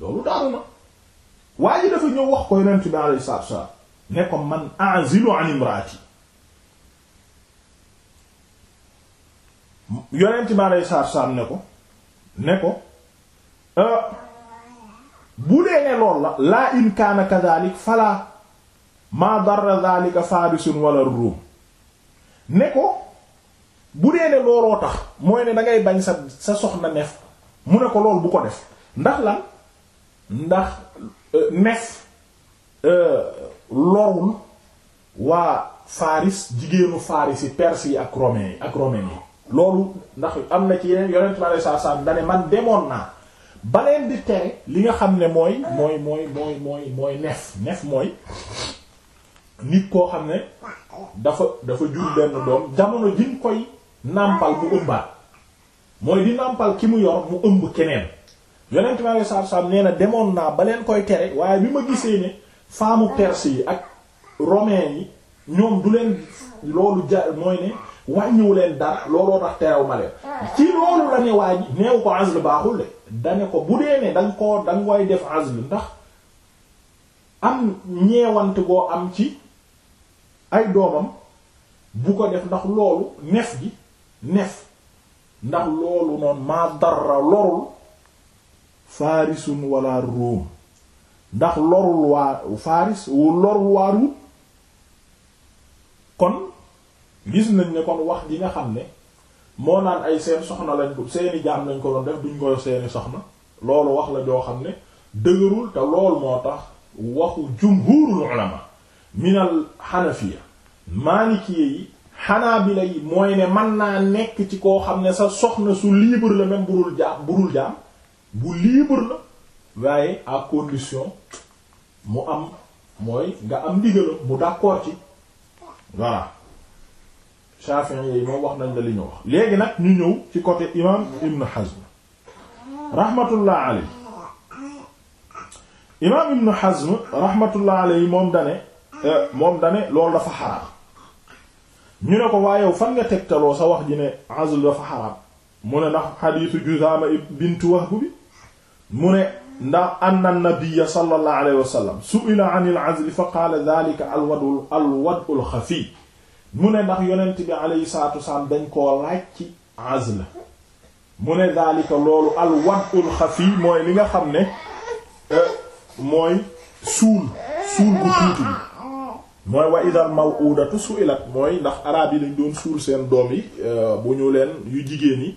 loolu daanu na waaye dafa ñëw wax ko yonent bi alayhi salaatu wasallam ne ko man a'zilu an imraati yonent bi alayhi salaatu wasallam ne ko ne ko euh, bu dee ne lool la laa in kaana kadhalik fala maa darra dhalika farisun wala ruum ne ko bu dee ne looloo tax mooy ne da ngay bañ sa sa soxna nef mu ne ko lool bu ko def ndax la ndax euh, nef euh, lorul waa faris jigéenu faris yi perse yi ak romain yi ak romain yi loolu ndax am na ci yeneen yonent bi sallallahu alayhi wasallam dane man demoon naa baleen di tere li nga xam ne mooy mooy mooy mooy mooy mooy nef nef mooy nit koo xam ne dafa dafa jur benn doom jamono jiñ koy nàmpal bu ëmbaat mooy di nàmpal ki mu yor mu ëmb keneen yonent ma saab saab nee na demoon naa baleen koy tere waaye bi ma gisee ne faamu perse yi ak romain yi ñoom du leen loolu ja mooy ne wàññiwu leen dara looloo tax terew ma leen ah. ci loolu la ne waa ji neew ko azl baaxul de dane ko bu dee ne danga koo danga koy def azl ndax am ñeewant boo am ci ay doomam bu ko def ndax loolu nef gi nef ndax loolu noonu maa lorul faarisun wala ruum ndax lorul waa faris lorul waa ruum gis nañ ne kon wax ji nga xam ne moo naan ay seen soxna lañ ko seeni jaam lañ ko doon def duñ ko seeni soxna loolu wax la joo xam ne dëgërul te loolu moo tax waxu jumhurul ulama minal xanafiya maalikiye yi xanaabila yi mooy ne mën naa nekk ci koo xam ne sa soxna su libre la même burul jaam bu libre la waaye à condition mu am mooy nga am ndigalam mu d'accord ci voilà Shafi'i yi moom wax nañ la li ñu wax léegi nag ñu ñëw ci côté imam Ibn Hazm rahmatullah alay imam Ibn Hazm rahmatullah alay moom dane euh, moom dane loolu dafa xaraam ñu ne ko waaye yow fan nga tegtaloo sa wax ji ne azl dafa xaraam mu ne ndax xadiisu Juzaama bint Wahb bi mu ne ndax anna nabiyya sallallahu alayhi wa sallam su'ila anil azl fa qaala dhaalika alwadul alwadul xafi mu ne ndax yonent bi alayhi salaatu wasalaam dañ koo laaj ci azl mu ne daalika loolu al wadul xafi mooy li nga xam ne euh, mooy suul suul bu tuuti bi mooy wa idal maw'udatu su'ilat mooy ndax araab yi dañ doon suul seen doom yi euh, bu ñu leen yu jigéen yi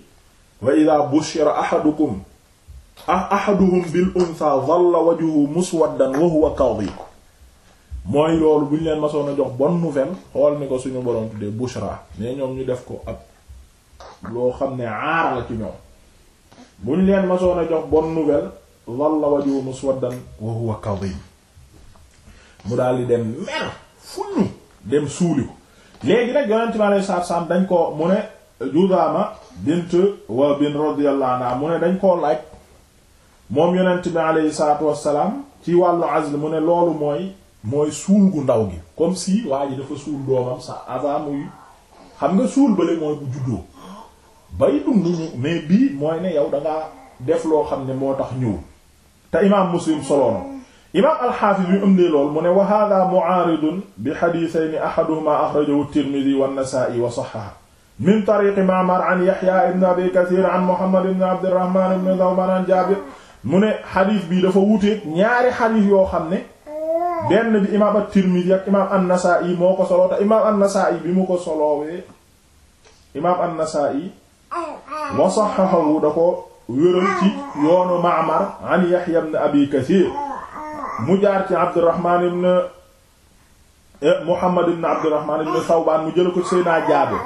wa ida bushira ahadukum ahaduhum bil untha dhalla wajhuhu muswaddan wa huwa kadhib mooy loolu bu ñu leen masoon a jox bonne nouvelle xool ni ko suñu borom tuddee bushra mais ñoom ñu def ko ab loo xam ne aar ci ñoom bu ñu leen masoon a jox bonne nouvelle dhalla wajhu muswaddan wa huwa kadhim mu daal di dem mer fuñu dem suuli ko léegi nag yonent bi alayhi salaatu salaam dañ ko mu ne Judaama bint wa bin radiyallahu anha mu ne dañ koo laaj moom yonent bi alayhi salaatu wassalaam ci wàllu azl mu ne loolu mooy mooy suul gu ndaw gi comme si waa ji dafa suul doomam sax avant muy xam nga suul bële mooy bu bii mooy ne yow dangaa def loo xam ne moo tax ñëw te imaam muslim soloono imaam alxaafis yu ëndee lool mu ne wa hada mu'aaridun bi xadiisayni ahaduhuma axrajahu tirmidi wa nasaa'i wa saxxaha min tariqi ma'mar an yaxya ibn abi kathir an muhammad ibn abdirahman ibn thawban an jaabir mu ne xadiis bii dafa wuteeg ñaari xadiis yoo xam ne benn bi imaam at-Tirmidhi ak imaam an-Nasa'i moo ko soloo te imaam an-Nasa'i bi mu ko soloowee imaam an-Nasa'i wa sahhahahu da ko wéral ci yoonu Ma'mar an Yahya ibn Abi Kathir mu jaar ci Abdurrahman ibn eh, Muhammad ibn Abdurrahman ibn Thawban mu jël ko Seydina Jaabir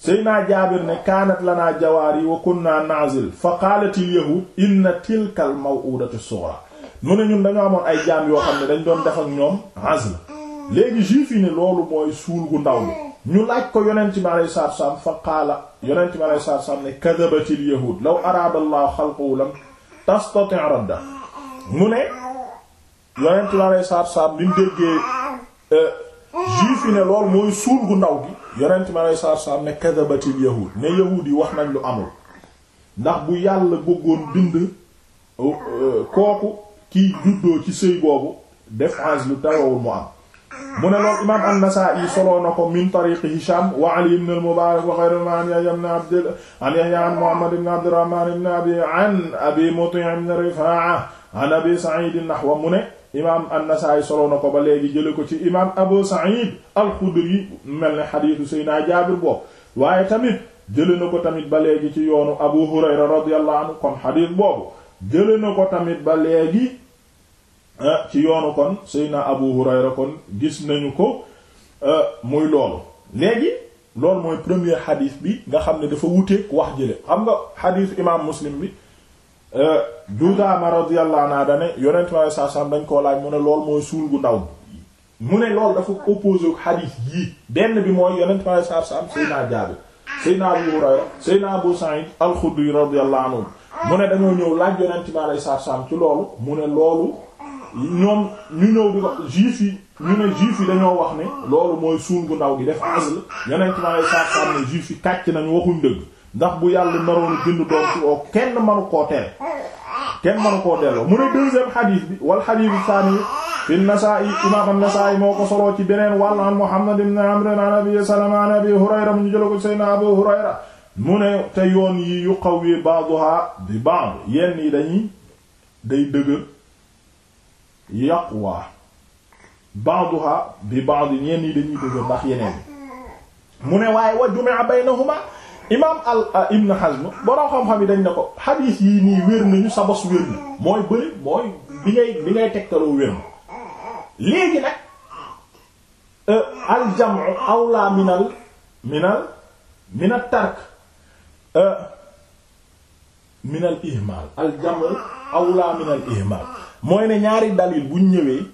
Seydina Jaabir ne kaanat lanaa jawaari wa kunnaa na'zil fa qaalat yahuud inna tilka al-maw'uudatu as mu ne ñun dañoo amoon ay jaam yoo xam ne dañ doon def ak ñoom azl léegi juif yi ne loolu mooy suul gu ndaw li ñu laaj ko yonent bi alayhi salaatu wassalaam fa qaala yonent bi alayhi salaatu wassalaam ne kadabatil yahud law araada allah xalqahu lam tastati' mu ne yonent bi alayhi salaatu wassalaam li mu déggee euh, juif yi ndaw gi yonent bi alayhi salaatu wassalaam ne kadabatil yahud wax nañ lu amul ndax bu yàlla bëggoon bind euh, kooku ki juddoo ci sëy boobu def age lu tawawul mu am mu ne loolu imaam an-Nasaa'i soloo na ko min tariqi Hisham wa Ali ibn al-Mubarak wa ghayruhumaa an Yahyaa ibn Abd an Yahyaa an Muhammad ibn Abdirrahmaan ibn Abi an Abi Muti' ibn Rifaa'a an Abi Sa'iid nahwa mu ne imaam an-Nasaa'i soloo na ko ba léegi jële ko ci imaam Abu Sa'iid al-Khudri mel ne xadiisu Seydina Jaabir boobu waaye tamit jële na ko tamit ba léegi ci yoonu Abu Hurayra radiyallahu anhu comme xadiis boobu jële na ko tamit ba léegi ah, ci yoonu kon Seydina Abu Hurayra kon gis nañu ko ah, muy loolu léegi loolu mooy premier xadis bi nga xam ne dafa wuteek wax jële xam nga xadiis imaam Muslim bi Judaama ah, radiyallahu anhu dane yonent ma saa saam dañ koo laaj mu ne loolu mooy suul gu ndaw mu ne loolu dafa opposé ak xadis yii benn bi mooy yonent ma saa saam Seydina Jaabir Seydina Abu Hurayra Seydina Abu Sa'id al-Khudri radiyallahu anhu mu ne dañoo ñëw laaj yonent bi alayhi salaatu salaam ci loolu mu ne loolu ñoom ñu ñëw di wax juif yi ñu ne juif yi dañoo wax ne loolu mooy suul bu ndaw gi def azl yonent bi alayhi salaatu salaam ne juif yi kàcc nañu waxuñ dëgg ndax bu yàlla naroon a jënd doom ci oo kenn manu koo tere kenn manu koo delloo mu ne deuxième xadiis bi wal xadiis saani fi nasaa'i imaam an-nasaa'i moo ko soloo ci beneen wàll an muhammad ibn amr an abi salama an abi hurayra mu ko seydina abu hurayra mu ne te yoon yi yu xaw yi baaduha bi baad yenn yi dañuy day dëgër yaqwa baaduha bi baad yenn yi dañuy dëgër ndax yeneen mu ne waaye wa jumaa baynahuma imaam al ah, ibn Hazm borom xam-xam yi dañ ne ko xadiis yii nii wér nañu sa bos wér na mooy bëri mooy bi ngay bi ngay tegtaloo wér na léegi nag eh, al awla minal minal minal tark Euh, min al ihmal al jamu awla min al ihmal mooy ne ñaari dalil buñ ñëwee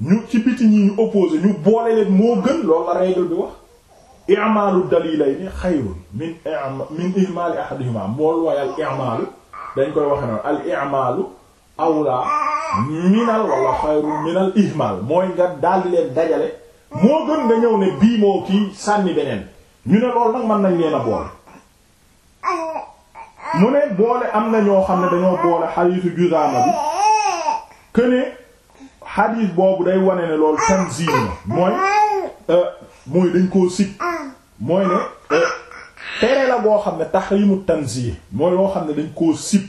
ñu ci biti ñi ñu opposé ñu boole leen moo gën loolu la règle bi wax i'malu dalilayni xayrun min min ihmali ahadihima mool al i'malu dañ koy waxe noonu al i'malu mooy nga daldi leen dajale moo gën nga ñëw ne bii moo kii sànni beneen ñu ne loolu nag mën nañ leen a mu ne boole am na ñoo xam ne dañoo boole xadiisu juzaama bi këne xadiis boobu day wane ne loolu tanzim la mooy euh, mooy dañ koo sikk mooy ne euh, tere la boo xam ne tahrimu tanzih mooy loo xam ne dañ koo sib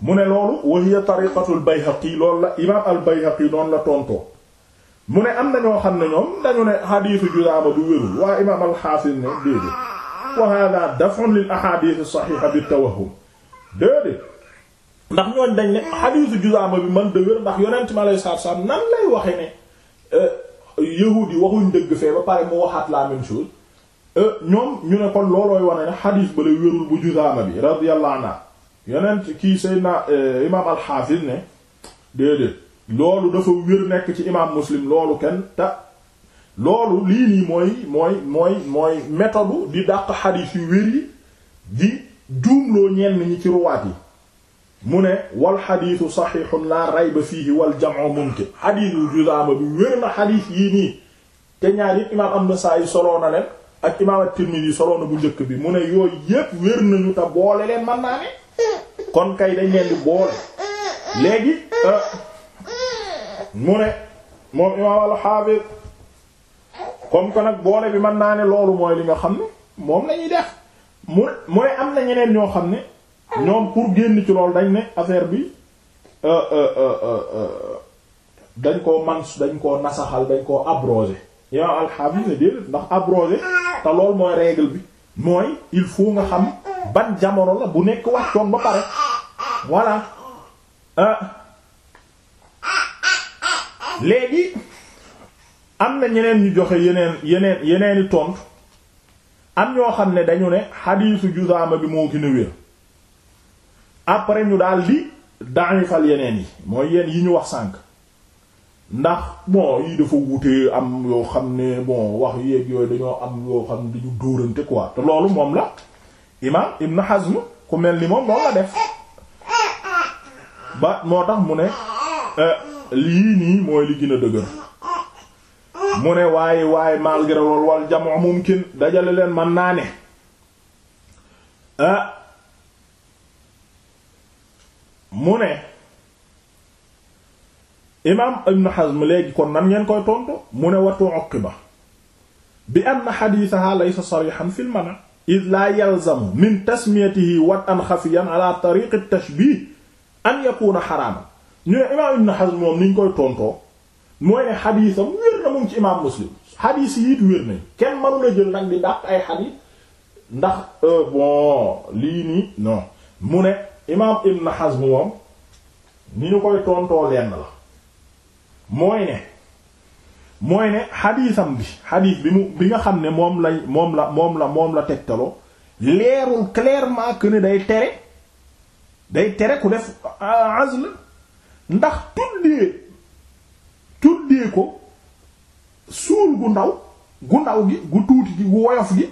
mu ne loolu wa hiya tariqatul bayhaqi loolu la imaam al yi noonu la tontoo mu ne am na ñoo xam ne ñoom dañu ne xadiisu juzaama du wérul waa imaam al ne déedéet nag wa hada daf'un lil ahadith a sahiha bi tawahhum déedéet ndax ñooñ dañ ne xadiisu juzaama bi man de wér ndax yonent mi alayhi salaatu nan lay waxe ne euh, yahuud yi waxuñ dëgg fee ba pare mu waxaat la même euh, ñoom ñu ne kon loolooy wane ne xadiis ba la wérul bu juzaama bi radiyallahu anha yonent kii Seydina euh, imaam al ne déedéet loolu dafa wér nekk ci imaam Muslim loolu kenn ta loolu lii nii mooy mooy mooy mooy méthode di dàq xadiis yu wér yi di juumloo ñenn ñi ci ruwaat yi mu ne wal xadiisu saxiixun laa rayba fiihi wal jam'u mumkin xadiisu Juzaama bi wér na xadiis yii nii te ñaar yi imaam an-Nasaa'i soloo na leen ak imaam at-Tirmidhi soloo na bu njëkk bi mu ne yooyu yépp wér nañu te boole leen mën naa ne kon kay dañ leen di boole léegi euh, mu ne moom imaam al-Haafis comme que nag boole bi mën naa ne loolu mooy li nga xam ne moom lañuy def mu mu am na ñeneen ñoo xam ne ñoom pour génn ci loolu dañ ne affaire bi euh, euh, euh, dañ koo man dañ koo nasaxal dañ koo abrogé yow alxames ne déedéet ndax abrogé te loolu mooy règle bi mooy il faut nga xam ban jamono la bu nekk wàccoon ba pare voilà léegi am na ñeneen ñu joxe yeneen yeneen yeneeni tontu am ñoo xam ne dañu ne xadiisu Juzaama bi moo gën a wér après ñu daal li daifal yeneen yi mooy yeen yi ñu wax sànk ndax bon yi dafa wute am yoo xam ne bon wax yéeg yooyu dañoo am yoo xam ne dañu dóorante quoi te loolu moom la imam Ibn Hazm ku mel ni moom loolu la def ba moo tax mu ne euh, lii nii mooy li gën a dëgër mu ne waaye waaye malgré loolu wal jamu mumkin dajale leen man naa ne ah mu ne imaam ibn Hazm léegi kon nan ngeen koy tontu mu ne watu uqiba bi anna xadiisaha laysa sarihan fi lmana id laa yalzamu min tasmiyatihi wat an xafiyan ala tariqi tashbih an yakuna xaraama ñu ne imaam ibn Hazm moom ni koy tontoo mooy ne xadiisam wér na mu ngi ci imaam muslim xadiis yi wér nañ kenn mënu la jël nag di dàq ay xadiis ndax euh, bon lii nii non mu ne imaam Ibn Hazm moom ni ñu koy tontoo lenn la mooy ne mooy ne xadiisam bi xadiis bi mu bi nga xam ne moom lañ moom la moom la moom la tegtaloo leerul clairement que ne day tere day tere ku def euh, azl ndax tuddee tuddee ko suul gu ndaw gu ndaw gi gu tuuti gi gu woyof gi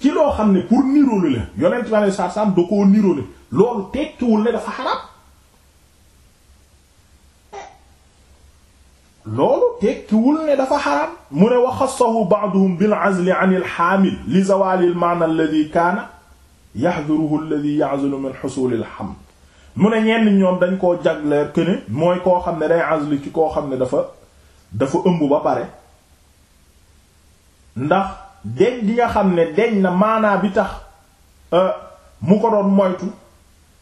ci loo xam ne pour niróole la yonent bi alei satu salaam da koo niróole loolu tekkiwul ne dafa xaraam loolu tekkiwul ne dafa xaraam mu ne wa xassahu ba'duhum bil azli an al li zawali al ma'na alladhi kaana yahduruhu alladhi ya'zulu min husul al mu ne ñenn ñoom dañ koo jagleer que mooy koo xam ne day azli ci koo xam ne dafa dafa ëmb ba pare ndax deñ di nga xam ne deñ na maanaa bi tax euh, mu ko doon moytu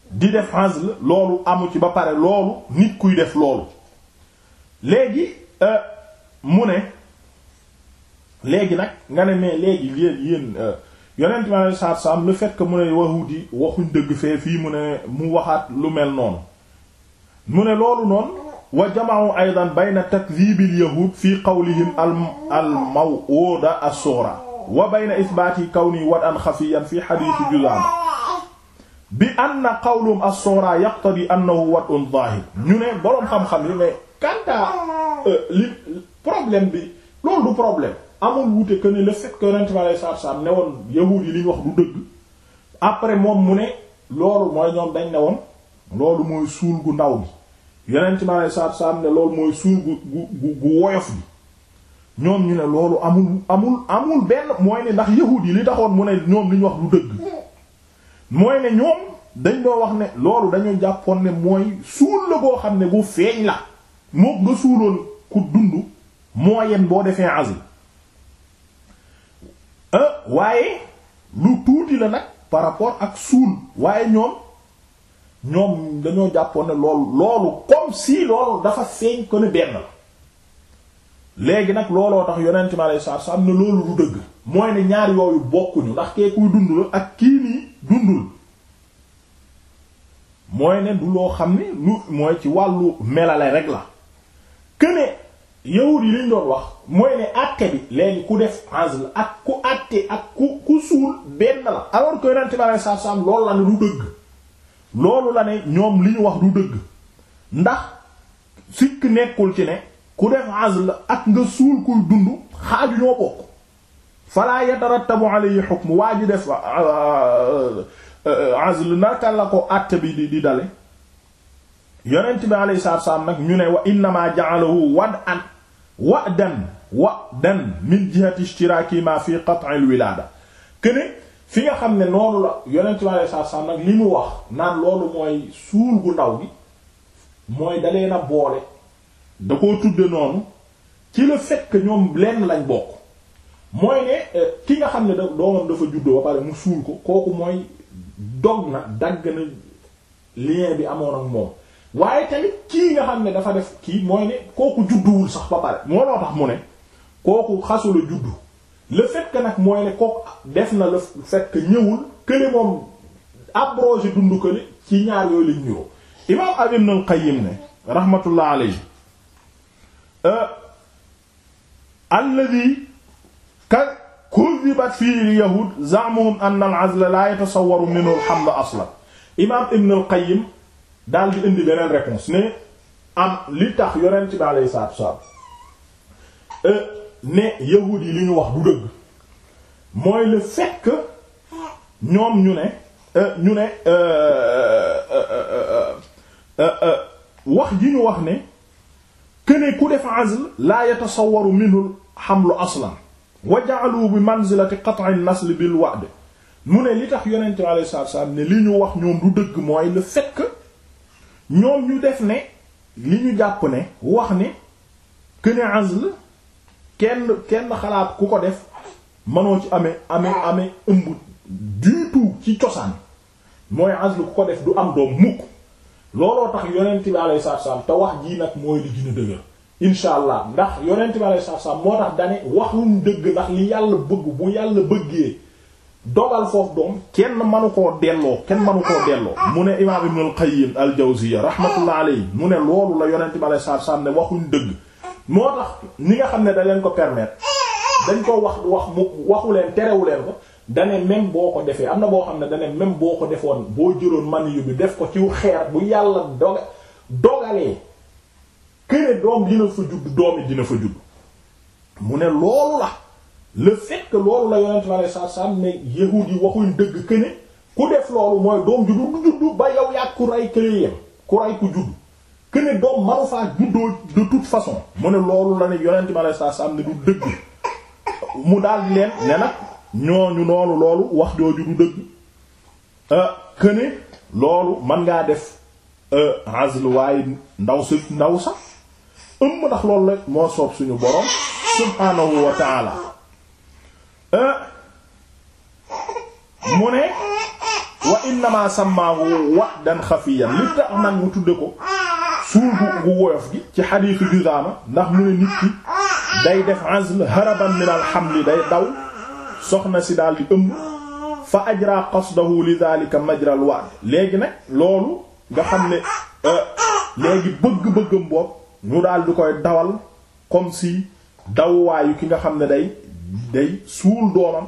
di def azl loolu amu ci ba pare loolu nit kuy def loolu léegi euh, mu ne léegi nag nga ne mais léegi yéen yéen euh, yonent mi alei saatu salaam le fait que mu ne wahudi waxuñ dëgg fee fii mu ne mu waxaat lu mel noonu mu ne loolu noonu wa jamau aidan bayna takdibil yahud fi qawlihim al mawuda as-sughra wa bayna ithbaati kawni wadan xafiyan fi xadiisi juzaama bi anna qawlum as-sughra yaqtadi annahu wadun zaahir ñu ne boroom xam-xam yi euh, bi loolu du problème amul wuute que ne le fait que yonent bi alayhi salaatu salaam ne woon yahuud yi li wax du dëgg après moom mu ne loolu mooy ñoom dañ ne woon loolu mooy suul gu ndaw bi yonent bi alayhi salaatu salaam ne loolu mooy suul gu gu gu woyof bi ñoom ñu ne loolu amul amul amul benn mooy ne ndax yahuud yi li taxoon mu ne ñoom li ñu wax du dëgg mooy ne ñoom dañ doo wax ne loolu dañu jàppoon ne mooy suul la boo xam ne bu feeñ la mu nga suuloon ku dund moo yem boo defee azl waaye lu tuuti la nag par rapport ak suul waaye ñoom ñoom dañoo jàppoon ne loolu loolu comme si loolu dafa seeñ ko ne benn la léegi nag looloo tax yonent mi alayhi sa salaam ne loolu du dëgg mooy ne ñaar yooyu bokkuñu ndax kee kuy dund ak kii nii dundul mooy ne du loo xam ne lu mooy ci wàllu melale rek la këne yahud yi liñ doon wax mooy ne àtte bi léegi ku def azl ak ku àtte ak ku ku suul benn la alors que yonent bi alayhi salaatu salaam loolu la ne du dëgg loolu la ne ñoom li ñu wax du dëgg ndax sikk nekkul ci ne ku def azl ak nga suul kuy dund xaaju ñoo bokk fala yatarattabu alayhi hukm waa ji def euh, euh, azl naka la ko àtte bi di di dale yonent bi alayhi salaatu salaam nag ñu ne wa innamaa ja'alahu wad'an wa dan wa dan min jihati ishtiraki ma fi qat'il wilaada këne fi nga xam ne noonu la yonent bi alayhi salaatu salaam nag li mu wax naan loolu mooy suul gu ndaw gi mooy dalee na boole da koo tudde noonu ci le fekk que ñoom lenn lañ bokk mooy ne euh, ki nga xam ne da doomam dafa juddoo ba pare mu suul ko kooku mooy dog na dagg na lien bi amoon ak moom waaye tamit kii nga xam ne dafa def kii mooy ne kooku judduwul sax ba pare moo loo tax mu ne kooku xasula juddu le fait que nag mooy ne kooku def na la fait ñëwul kële moom abrogé dundu ci ñaar yooyu lañ ñëw imaam Ibn al-Qayyim ne rahmatullah alayhi euh, alladhi ka kuzibat fihi al-yahud za'muhum anna al-'azla la yatasawwaru minhu al-hamd imaam Ibn al daal di indi beneen réponse ne am li tax yonent bi alayhi salaatu wa salaam euh, ne yahuud yi li ñu wax du dëgg mooy le fait ñoom ñu ne euh, ñu ne euh, wax ji ñu wax ne que ne ku def azl la yatasawwaru minhu hamlu aslan wa ja'alu bi manzilati qat'i nasl bil wa'd mu ne li tax yonent bi alayhi salaatu wa salaam ne li ñu wax ñoom du dëgg mooy le fait ñoom ñu def ne li ñu jàpp ne wax ne këne azl kenn kenn xalaat ku ko def mënoo ci amee ame amee ëmb du tout ci cosaan mooy azl ku ko def du am doom mukk looloo tax yonent bi alayhi salaatu salaam te wax jii nag mooy li gën dëgër incha allah ndax yonent bi alayhi salaatu salaam moo tax dane waxuñ dëgg ndax li yàlla bëgg bu yàlla bëggee dogal foofu doom kenn manu koo delloo kenn manu koo delloo mu ne imaam ibnul qayyim al jawziya rahmatullah alayhi mu ne loolu la yonent bi alei satu salaam ne waxuñ dëgg moo tax ni nga xam ne da leen ko permettre dañ ko wax wax mu waxu leen terewu leen ko dane même boo ko defee am na boo xam ne dana même boo ko defoon boo jëloon maniyu bi def ko ci xeer bu yàlla doga dogalee këne doom dina fa judd doomi dina fa judd mu ne loolu la le fait que loolu la yonent bi alei satu ne yahuud yi waxuñ dëgg këne ku def loolu mooy doom ju du juddu ba yow yàgg ku rey kële ku rey ku juddu këne doom manu faa juddoo de toute façon mu ne loolu la ne yonent bi alei satu ne du dëgg mu daal di leen ne nag ñooñu noonu loolu wax jooju du dëgg këne euh, loolu mën ngaa def euh, azl waaye ndaw si ndaw sax ëmm ndax loolu la moo soob suñu borom subhaanahu wa mu ne wa innama sàmmaahu wa'dan xafiyan li tax nag mu tudde ko suul gu woyof gi ci xadiisu Juzaama ndax mu ne nit ki day def azl haraban min alxamli day daw soxna si daal di ëmb fa ajra qasdahu li daalika majral wa'd léegi nag loolu nga xam ne euh, léegi bëgg-bëggam boobu ñu daal di koy dawal kom si dawwaayu ki nga xam ne day day suul doomam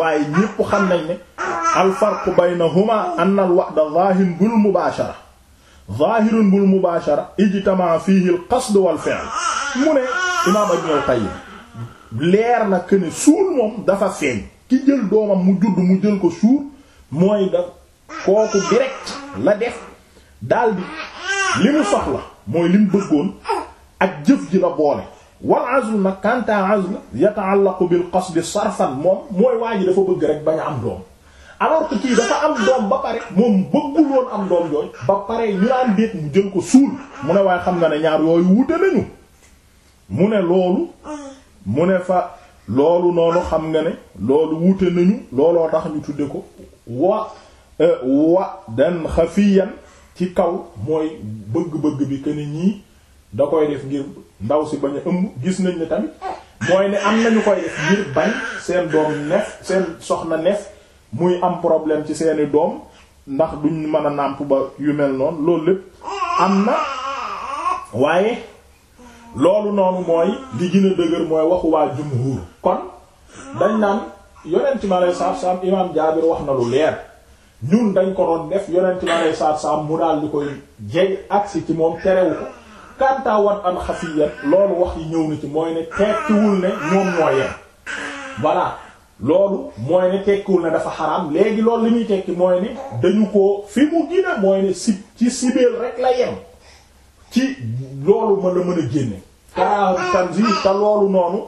waaye ñépp xam nañ ne al farqu baynahuma anna al wa'da zaahirun bil mubaashara zaahirun bil mubaashara ijtama fihi al qasd wal mu ne imaam Ibn Qayyim leer na que ne suul moom dafa feeñ ki jël doomam mu judd mu jël ko suul mooy da kooku direct la def daldi li mu soxla mooy li bëggoon ak jëf ji la boole wal azl nag kanta azl yata'allaqu bil qasdi sarfan moom mooy waa ji dafa bëgg rek bañ a am doom alors que kii dafa am doom ba pare moom bëggul woon am doom jooy ba pare ñu naan déet mu jël ko suul mu ne waaye xam nga ne ñaar yooyu wute nañu mu ne loolu mu ne fa loolu noonu xam nga ne loolu wute nañu looloo tax ñu tudde ko wa e, wa dan xafiyan ci kaw mooy bëgg-bëgg bi que ni ñii da koy def ngir ndaw si bañ a ëmb gis nañ ne tamit mooy ne am nañu koy def ngir bañ seen doom nef seen soxna nef muy am problème ci seeni doom ndax duñ mën a nàmp ba yu mel noonu loolu lépp am na waaye loolu noonu mooy di gën a dëgër mooy waxu waa jumhur kon dañ naan yonent mi aleyhi salaatu salaam imaam Jaabir wax na lu leer ñun dañ ko doon def yonent mi aleyhi salaatu salaam mu daal di koy jeg agsi ci moom terewu ko kanta wan an loolu wax yi ñëw na ci mooy ne tekkiwul ne ñoom ñoo yem voilà loolu mooy ne tekkiwul ne dafa xaraam léegi loolu li muy tekki mooy ne dañu ko fi mu gina mooy ne si ci sibeel rek la yem ci loolu mën a mën a génne karaam tanzih te loolu noonu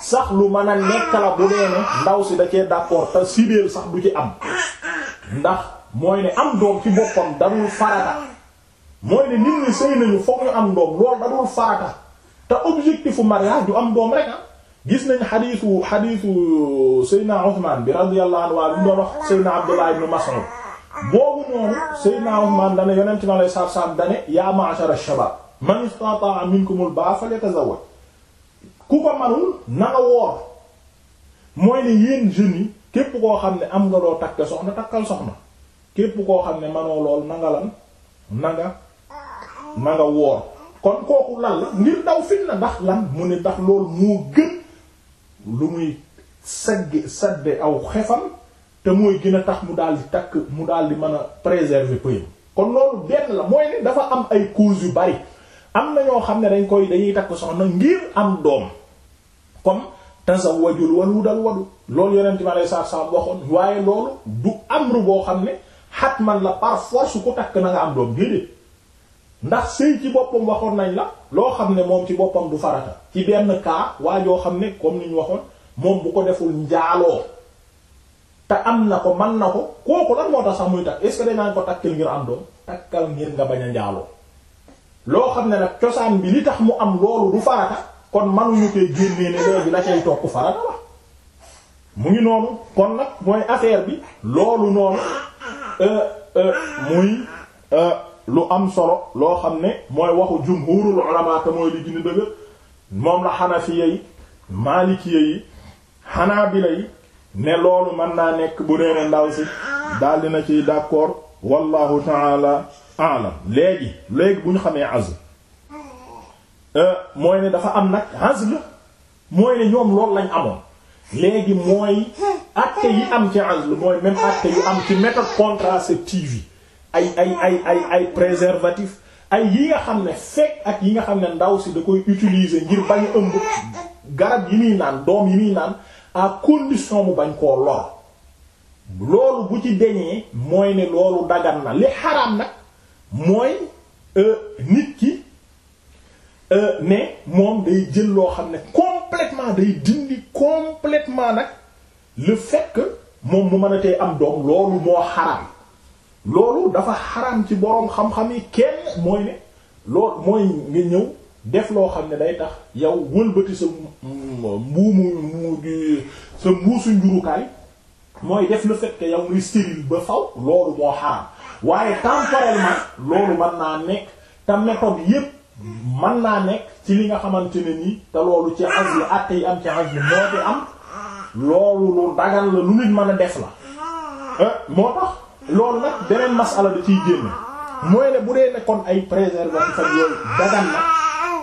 sax lu ma a nekk la bu dee ne ndaw si da cee d'accord te sibeel sax bu ci am ndax mooy ne am doom ci boppam darul farata mooy ne nit ñi sëy nañu fokk ñu am doom loolu da doon farata te objectifu mariage du am doom rek ah gis nañ xadiisu xadiisu Seydina Ousmane bi radiyallahu anhu waa bi doon wax Seydina Abdullah ibn Mas'ud boobu noonu Seydina Ousmane dana yonent mi alayhi salaatu salaam dane yaa ma'shara shabaab man istata'a minkumul baa'a falyatazawwaj ku ko manul na nga woor mooy ne yéen jeunes yi képp koo xam ne am nga loo takk soxna takkal soxna képp koo xam ne manoo lool na nga woor kon kooku lan la ngir daw fitna ndax lan mu ne ndax loolu moo gën lu muy sagge sadde aw xefam te mooy gën a tax mu daal di takk mu daal di mën a préserver pëyam kon loolu benn la mooy ne dafa am ay causes yu bari am na ñoo xam ne dañ koy dañuy takk soxna ngir am doom comme tazawwajul waludal wadu loolu yeneen ma lay saa saa waxoon waaye loolu du amru boo xam ne xatman la par force ko takk na nga am doom déedéet. ndax sëy ci boppam waxoon nañ la loo xam ne moom ci boppam du farata ci benn kaa waa joo xam ne comme ni ñu waxoon moom bu ko deful njaaloo te am na ko mën na ko kooku lan moo tax sax ko takkal ngir am doom takkal ngir nga bañ a loo xam ne nag cosaan bi li mu am loolu du farata kon mënuñu koy génnee ne léegi la cay topp farata kon nag mooy affaire bi loolu noonu euh, euh, muy. Euh, lu am solo loo xam ne mooy waxu jumhurul ulama te mooy li gën moom la xanafiya yi maalikiya yi xanaabila yi ne loolu mën naa nekk bu nee ne ndaw si daal dina ciy d'accord wallahu taala alam léegi léegi bu ñu xamee azl euh, mooy ne dafa am nag azl mooy ne ñoom loolu lañ amoon léegi mooy acte yi am ci azl mooy même acte yu am ci méthode contraceptive yi ay ay ay ay ay préservatif ay yi nga xam ne fekk ak yi nga xam ne ndaw si da koy utiliser ngir bañ ëmb garab yi muy naan doom yi muy naan à condition mu bañ koo lor loolu bu ci deñee mooy ne loolu dagan na li xaraam nag mooy euh, nit ki euh, ne moom day jël loo xam ne complètement day dindi complètement nag le fekk que moom mu mën a tey am doom loolu moo xaraam loolu dafa xaram ci boroom xam-xam yi kenn mooy ne loolu mooy nga ñëw def loo xam ne day tax yow wëlbati sa mbuumu sa mbuusu njurukaay mooy def le fait que yow nga stérile ba faw loolu moo xaram waaye temporellement loolu mën naa nekk te méthode yépp mën naa nekk ci li nga xamante ne nii te loolu ci azl àtte yi am ci azl moo di am loolu lu dagal la lu nit mën a def la eh, moo tax loolu nag beneen masala da ciy génn mooy ne bu dee nekkoon ay préservatifs ak yooyu dagan na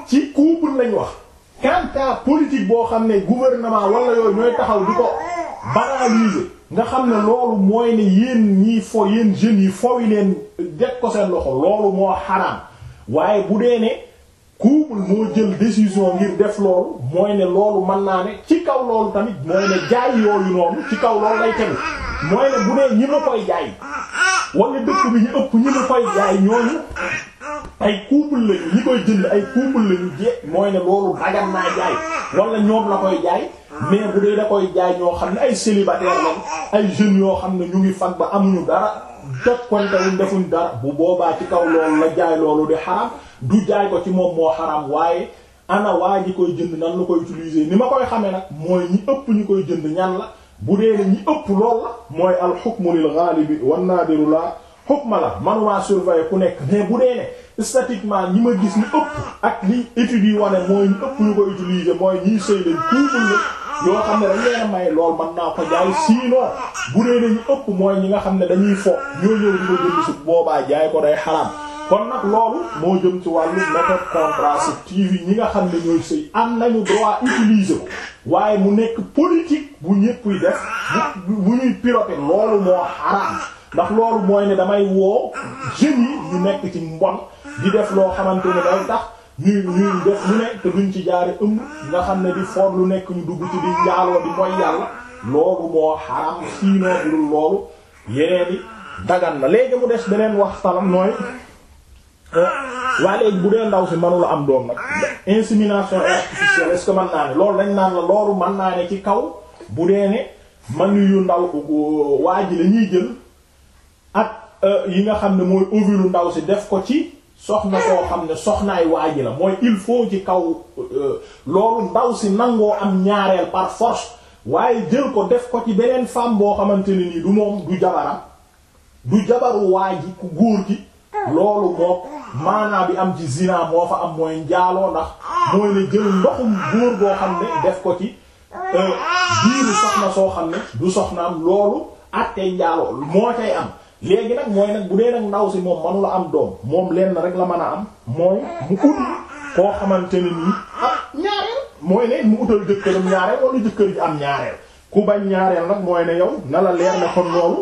ci couple lañ wax quant à politique boo xam ne gouvernement wala yooyu ñooy taxaw di ko banaliser nga xam ne loolu mooy ne yéen ñii fo yéen jeunes yi foo yi leen deg ko seen loxo loolu moo xaraam waaye bu dee ne couple moo jël décision ngir def loolu mooy ne loolu mën naa ne ci kaw loolu tamit mooy ne jaay yooyu noonu ci kaw loolu lay tegu mooy ne bu dee ñi ma koy jaay wala dëkk bi ñu ëpp ñi ma koy jaay ñooñu ay couple lañu ñi koy jënd ay couple lañu je mooy ne loolu dagan naa jaay wala ñoom la koy jaay mais bu dee da koy jaay ñoo xam ne ay célibataire lañ ay jeunes yoo xam ne ñu ngi fag ba amuñu dara jokkontewuñ defuñ dara bu boobaa ci kaw loolu la jaay loolu di xaram du jaay ko ci moom moo xaram waaye ana waa ji koy jënd nan la koy utiliser ni ma koy xamee nag mooy ñi ëpp ñi koy jënd ñan la bu dee ñi ëpp lool la mooy al hukmu lil ghalibi wan nadiru la hukma la man waa surveiller ku nekk mais bu dee ne ñi ma gis ñu ëpp ak li études yi wane mooy ñu ëpp ñu ko utiliser mooy ñi sëy lañ tuubul la yoo xam ne dañ may lool mën naa ko jaay sinon bu dee ne ñu ëpp mooy ñi nga xam ne dañuy fo ñoo ñëw di ko jënd boobaa jaay ko day xaraam kon nag loolu moo jëm ci wàllu méthode contraceptive yi ñi nga xam ne ñooy si am nañu droit utiliser ko waaye mu nekk politique bu ñëppuy def bu bu ñuy loolu moo xaraam ndax loolu mooy ne damay woo jeunes yi ñu nekk ci mbon di def loo xamante ne day tax ñuy ñuy def lu ne te duñ ci jaare ëmb nga xam ne di for lu nekk ñu dugg ci di njaaloo di mooy yàlla loolu moo xaraam siinoo dul loolu yeneen yi dagan na léegi mu des beneen waxtaan nooy Ah. waaye léegi bu dee ndaw si manula am doom nag ah. insémination artificielle est-ce que mën naa ne loolu dañ naan la loolu mën naa ne ci kaw bu dee ne manu yu ndaw waa ji la jël ak euh, yi nga xam ne mooy ovilu ndaw si def ko ci soxna koo xam ne soxnaay waa ji la mooy il faut ci kaw euh, loolu ndaw si nangoo am ñaareel par force waaye jël ko def ko ci beneen femme boo xamante ne nii du moom du jabaram du jabaru waa ji ku góor gi Mm. loolu moo maanaa bi am ci zina moo fa am mooy njaaloo ndax mooy ne jël ndoxum góor boo xam ne def ko ci euh, biiru soxna soo xam ne du soxnaam loolu attey njaaloo moo tay am léegi nag mooy nag bu dee nag ndaw si moom manula am doom moom lenn rek la mën a am mooy mu xamante ne nii ah, ñaareel mooy ne mu utal jëkkëram jëkkër ji am ñaareel ku bañ ñaareel nag mooy ne yow na la leer ne kon loolu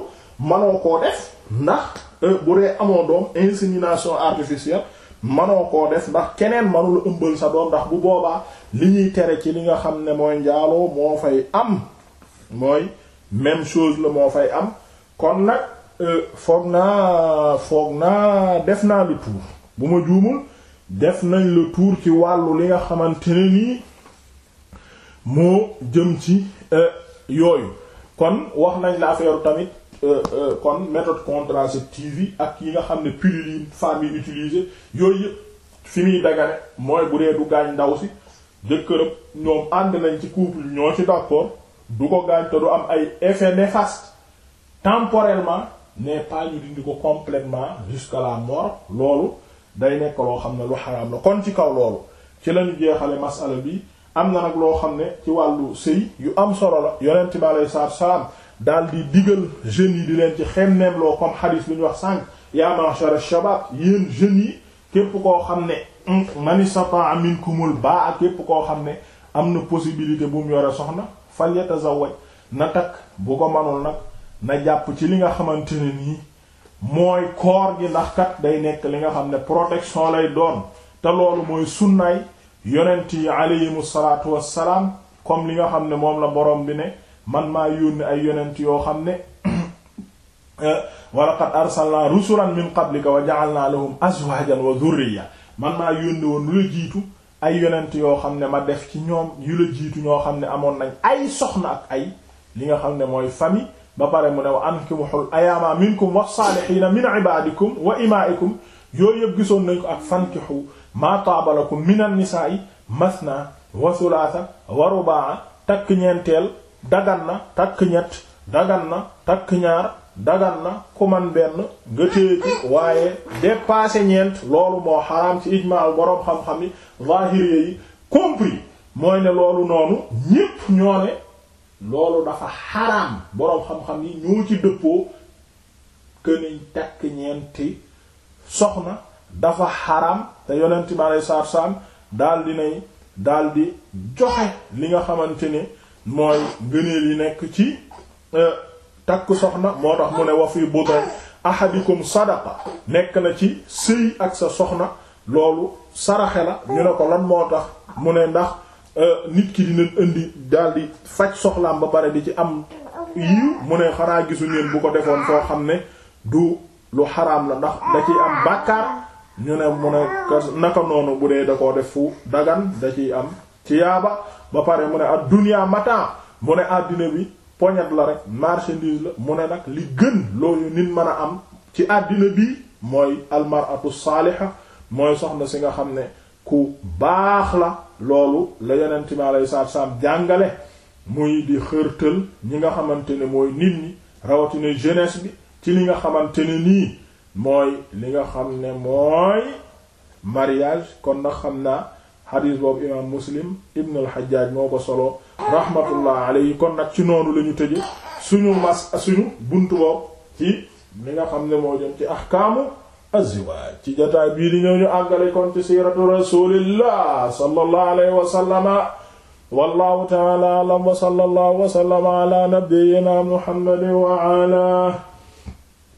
manoo koo def ndax Euh, bu dee amoo doom insémination artificielle manoo koo def ndax keneen manula ëmbal sa doom ndax bu boobaa li ñuy tere ci li nga xam ne mooy njaaloo moo fay am mooy même chose la moo fay am kon nag euh, foog naa foog naa def naa le tour bu ma juumul def nañ le tour ci wàllu li nga xamante ni nii moo jëm ci euh, yooyu kon wax nañ la affaire tamit Euh, euh, kon méthode contraceptive yi ak yi nga xam ne pilule yi femmes yi utilisé yooyu yëpp fi muy dagane mooy bu dee du gaañ ndaw si jëkkërëb ñoom ànd nañ ci couple ñoo ci d'accord du ko gaañ te du am ay effets néfastes temporellement mais pas ñu dindi ko complètement jusqu'à la mort loolu day nekk loo xam ne lu xaraam la kon ci kaw loolu ci lañu jeexale masala bi am na nag loo xam ne ci wàllu sëy yu am solo la yonent bi alayhi salaatu salaam daal di digal jeunes yi di leen ci xemmeem loo comme xadis bi ñu wax sànq ya ma'shar ash-shabab yéen jeunes yi képp koo xam ne hmm, man istata'a minkumul ba'a képp koo xam ne am na possibilité bu yore soxna falyatazawwaj na takk bu ko manul nag na jàpp ci li nga xamante ne nii mooy koor gi ndax kat day nekk li nga xam ne protection lay doon te loolu mooy sunnaay yonent yi aleyhimu salaatu wassalaam comme li nga xam ne moom la borom bi ne man maa yónni ay yonent yoo xam ne wa laqad arsalna rusulan min qablika wa ja'alna lahum azwajan wa dhurriya man maa yónni woon lu la jiitu ay yonent yoo xam ne ma def ci ñoom yu la jiitu ñoo xam ne amoon nañ ay soxna ak ay li nga xam ne mooy famille ba pare mu ne wa ankihul ayaama minkum wa saalihiina min ibaadikum wa imaa'ikum yooyu yëpp gisoon nañ ko ak fankihu maa taaba lakum minan nisaa'i masna wa sulaasa wa rubaa'a takk ñeenteel dagan na takk ñett dagan na takk ñaar dagan na ku man benn nga téye ci waaye dépassé ñeent loolu moo xaraam ci ijmaa boroom xam-xam yi zahiri yi compris mooy ne loolu noonu ñépp ñoo ne loolu dafa xaraam boroom xam-xam yi ñoo ci dëppoo këniñ takk ñeenti soxna dafa xaraam te yonent bi alei saatu salaam di nay daal di joxe li nga xamante ne mooy ngëneel yi nekk ci euh, takk soxna moo tax mu ne wa fi buta ahadikum sadaqa nekk na ci sëy ak sa soxna loolu saraxe la ñu ne ko lan moo tax mu ne ndax euh, nit ki dina indi daldi faj soxlaam ba bare di ci am yiw mu ne xanaa gisu neen bu ko defoon foo xam ne du lu xaraam la ndax da ciy am bàkkaar ñu ne mu ne naka noonu bu dee da koo def fu dagan da ciy am ci tiyaaba ba pare mu ne at dunya mata mu ne àddina bi poñet la rek marchandise la mu ne nag li gën loolu nit mën a am ci àddina bi mooy almaratu saaliha mooy soxna si nga xam ne ku baax la loolu la yonent mi alayhi salaatu salaam jàngale muy di xërtal ñi nga xamante ne mooy nit ñi rawatina jeunesse bi ci li nga xamante ne nii mooy li nga xam ne mooy mariage kon nag xam naa xadiis boobu imaam muslim ibn al moo ko solo rahmatullah alayhi kon nag ci noonu lañu ñu tëje suñu mas suñu buntu boobu ci li nga xam ne moo jëm ci ahkaamu azwaaj ci jotaay bii di ñëw ñu àggale kon ci siiratu rasulillah sallallahu alayhi wa wallahu ta'ala a'lam wa sallallahu wa ala nabiyyina muhammadin wa ala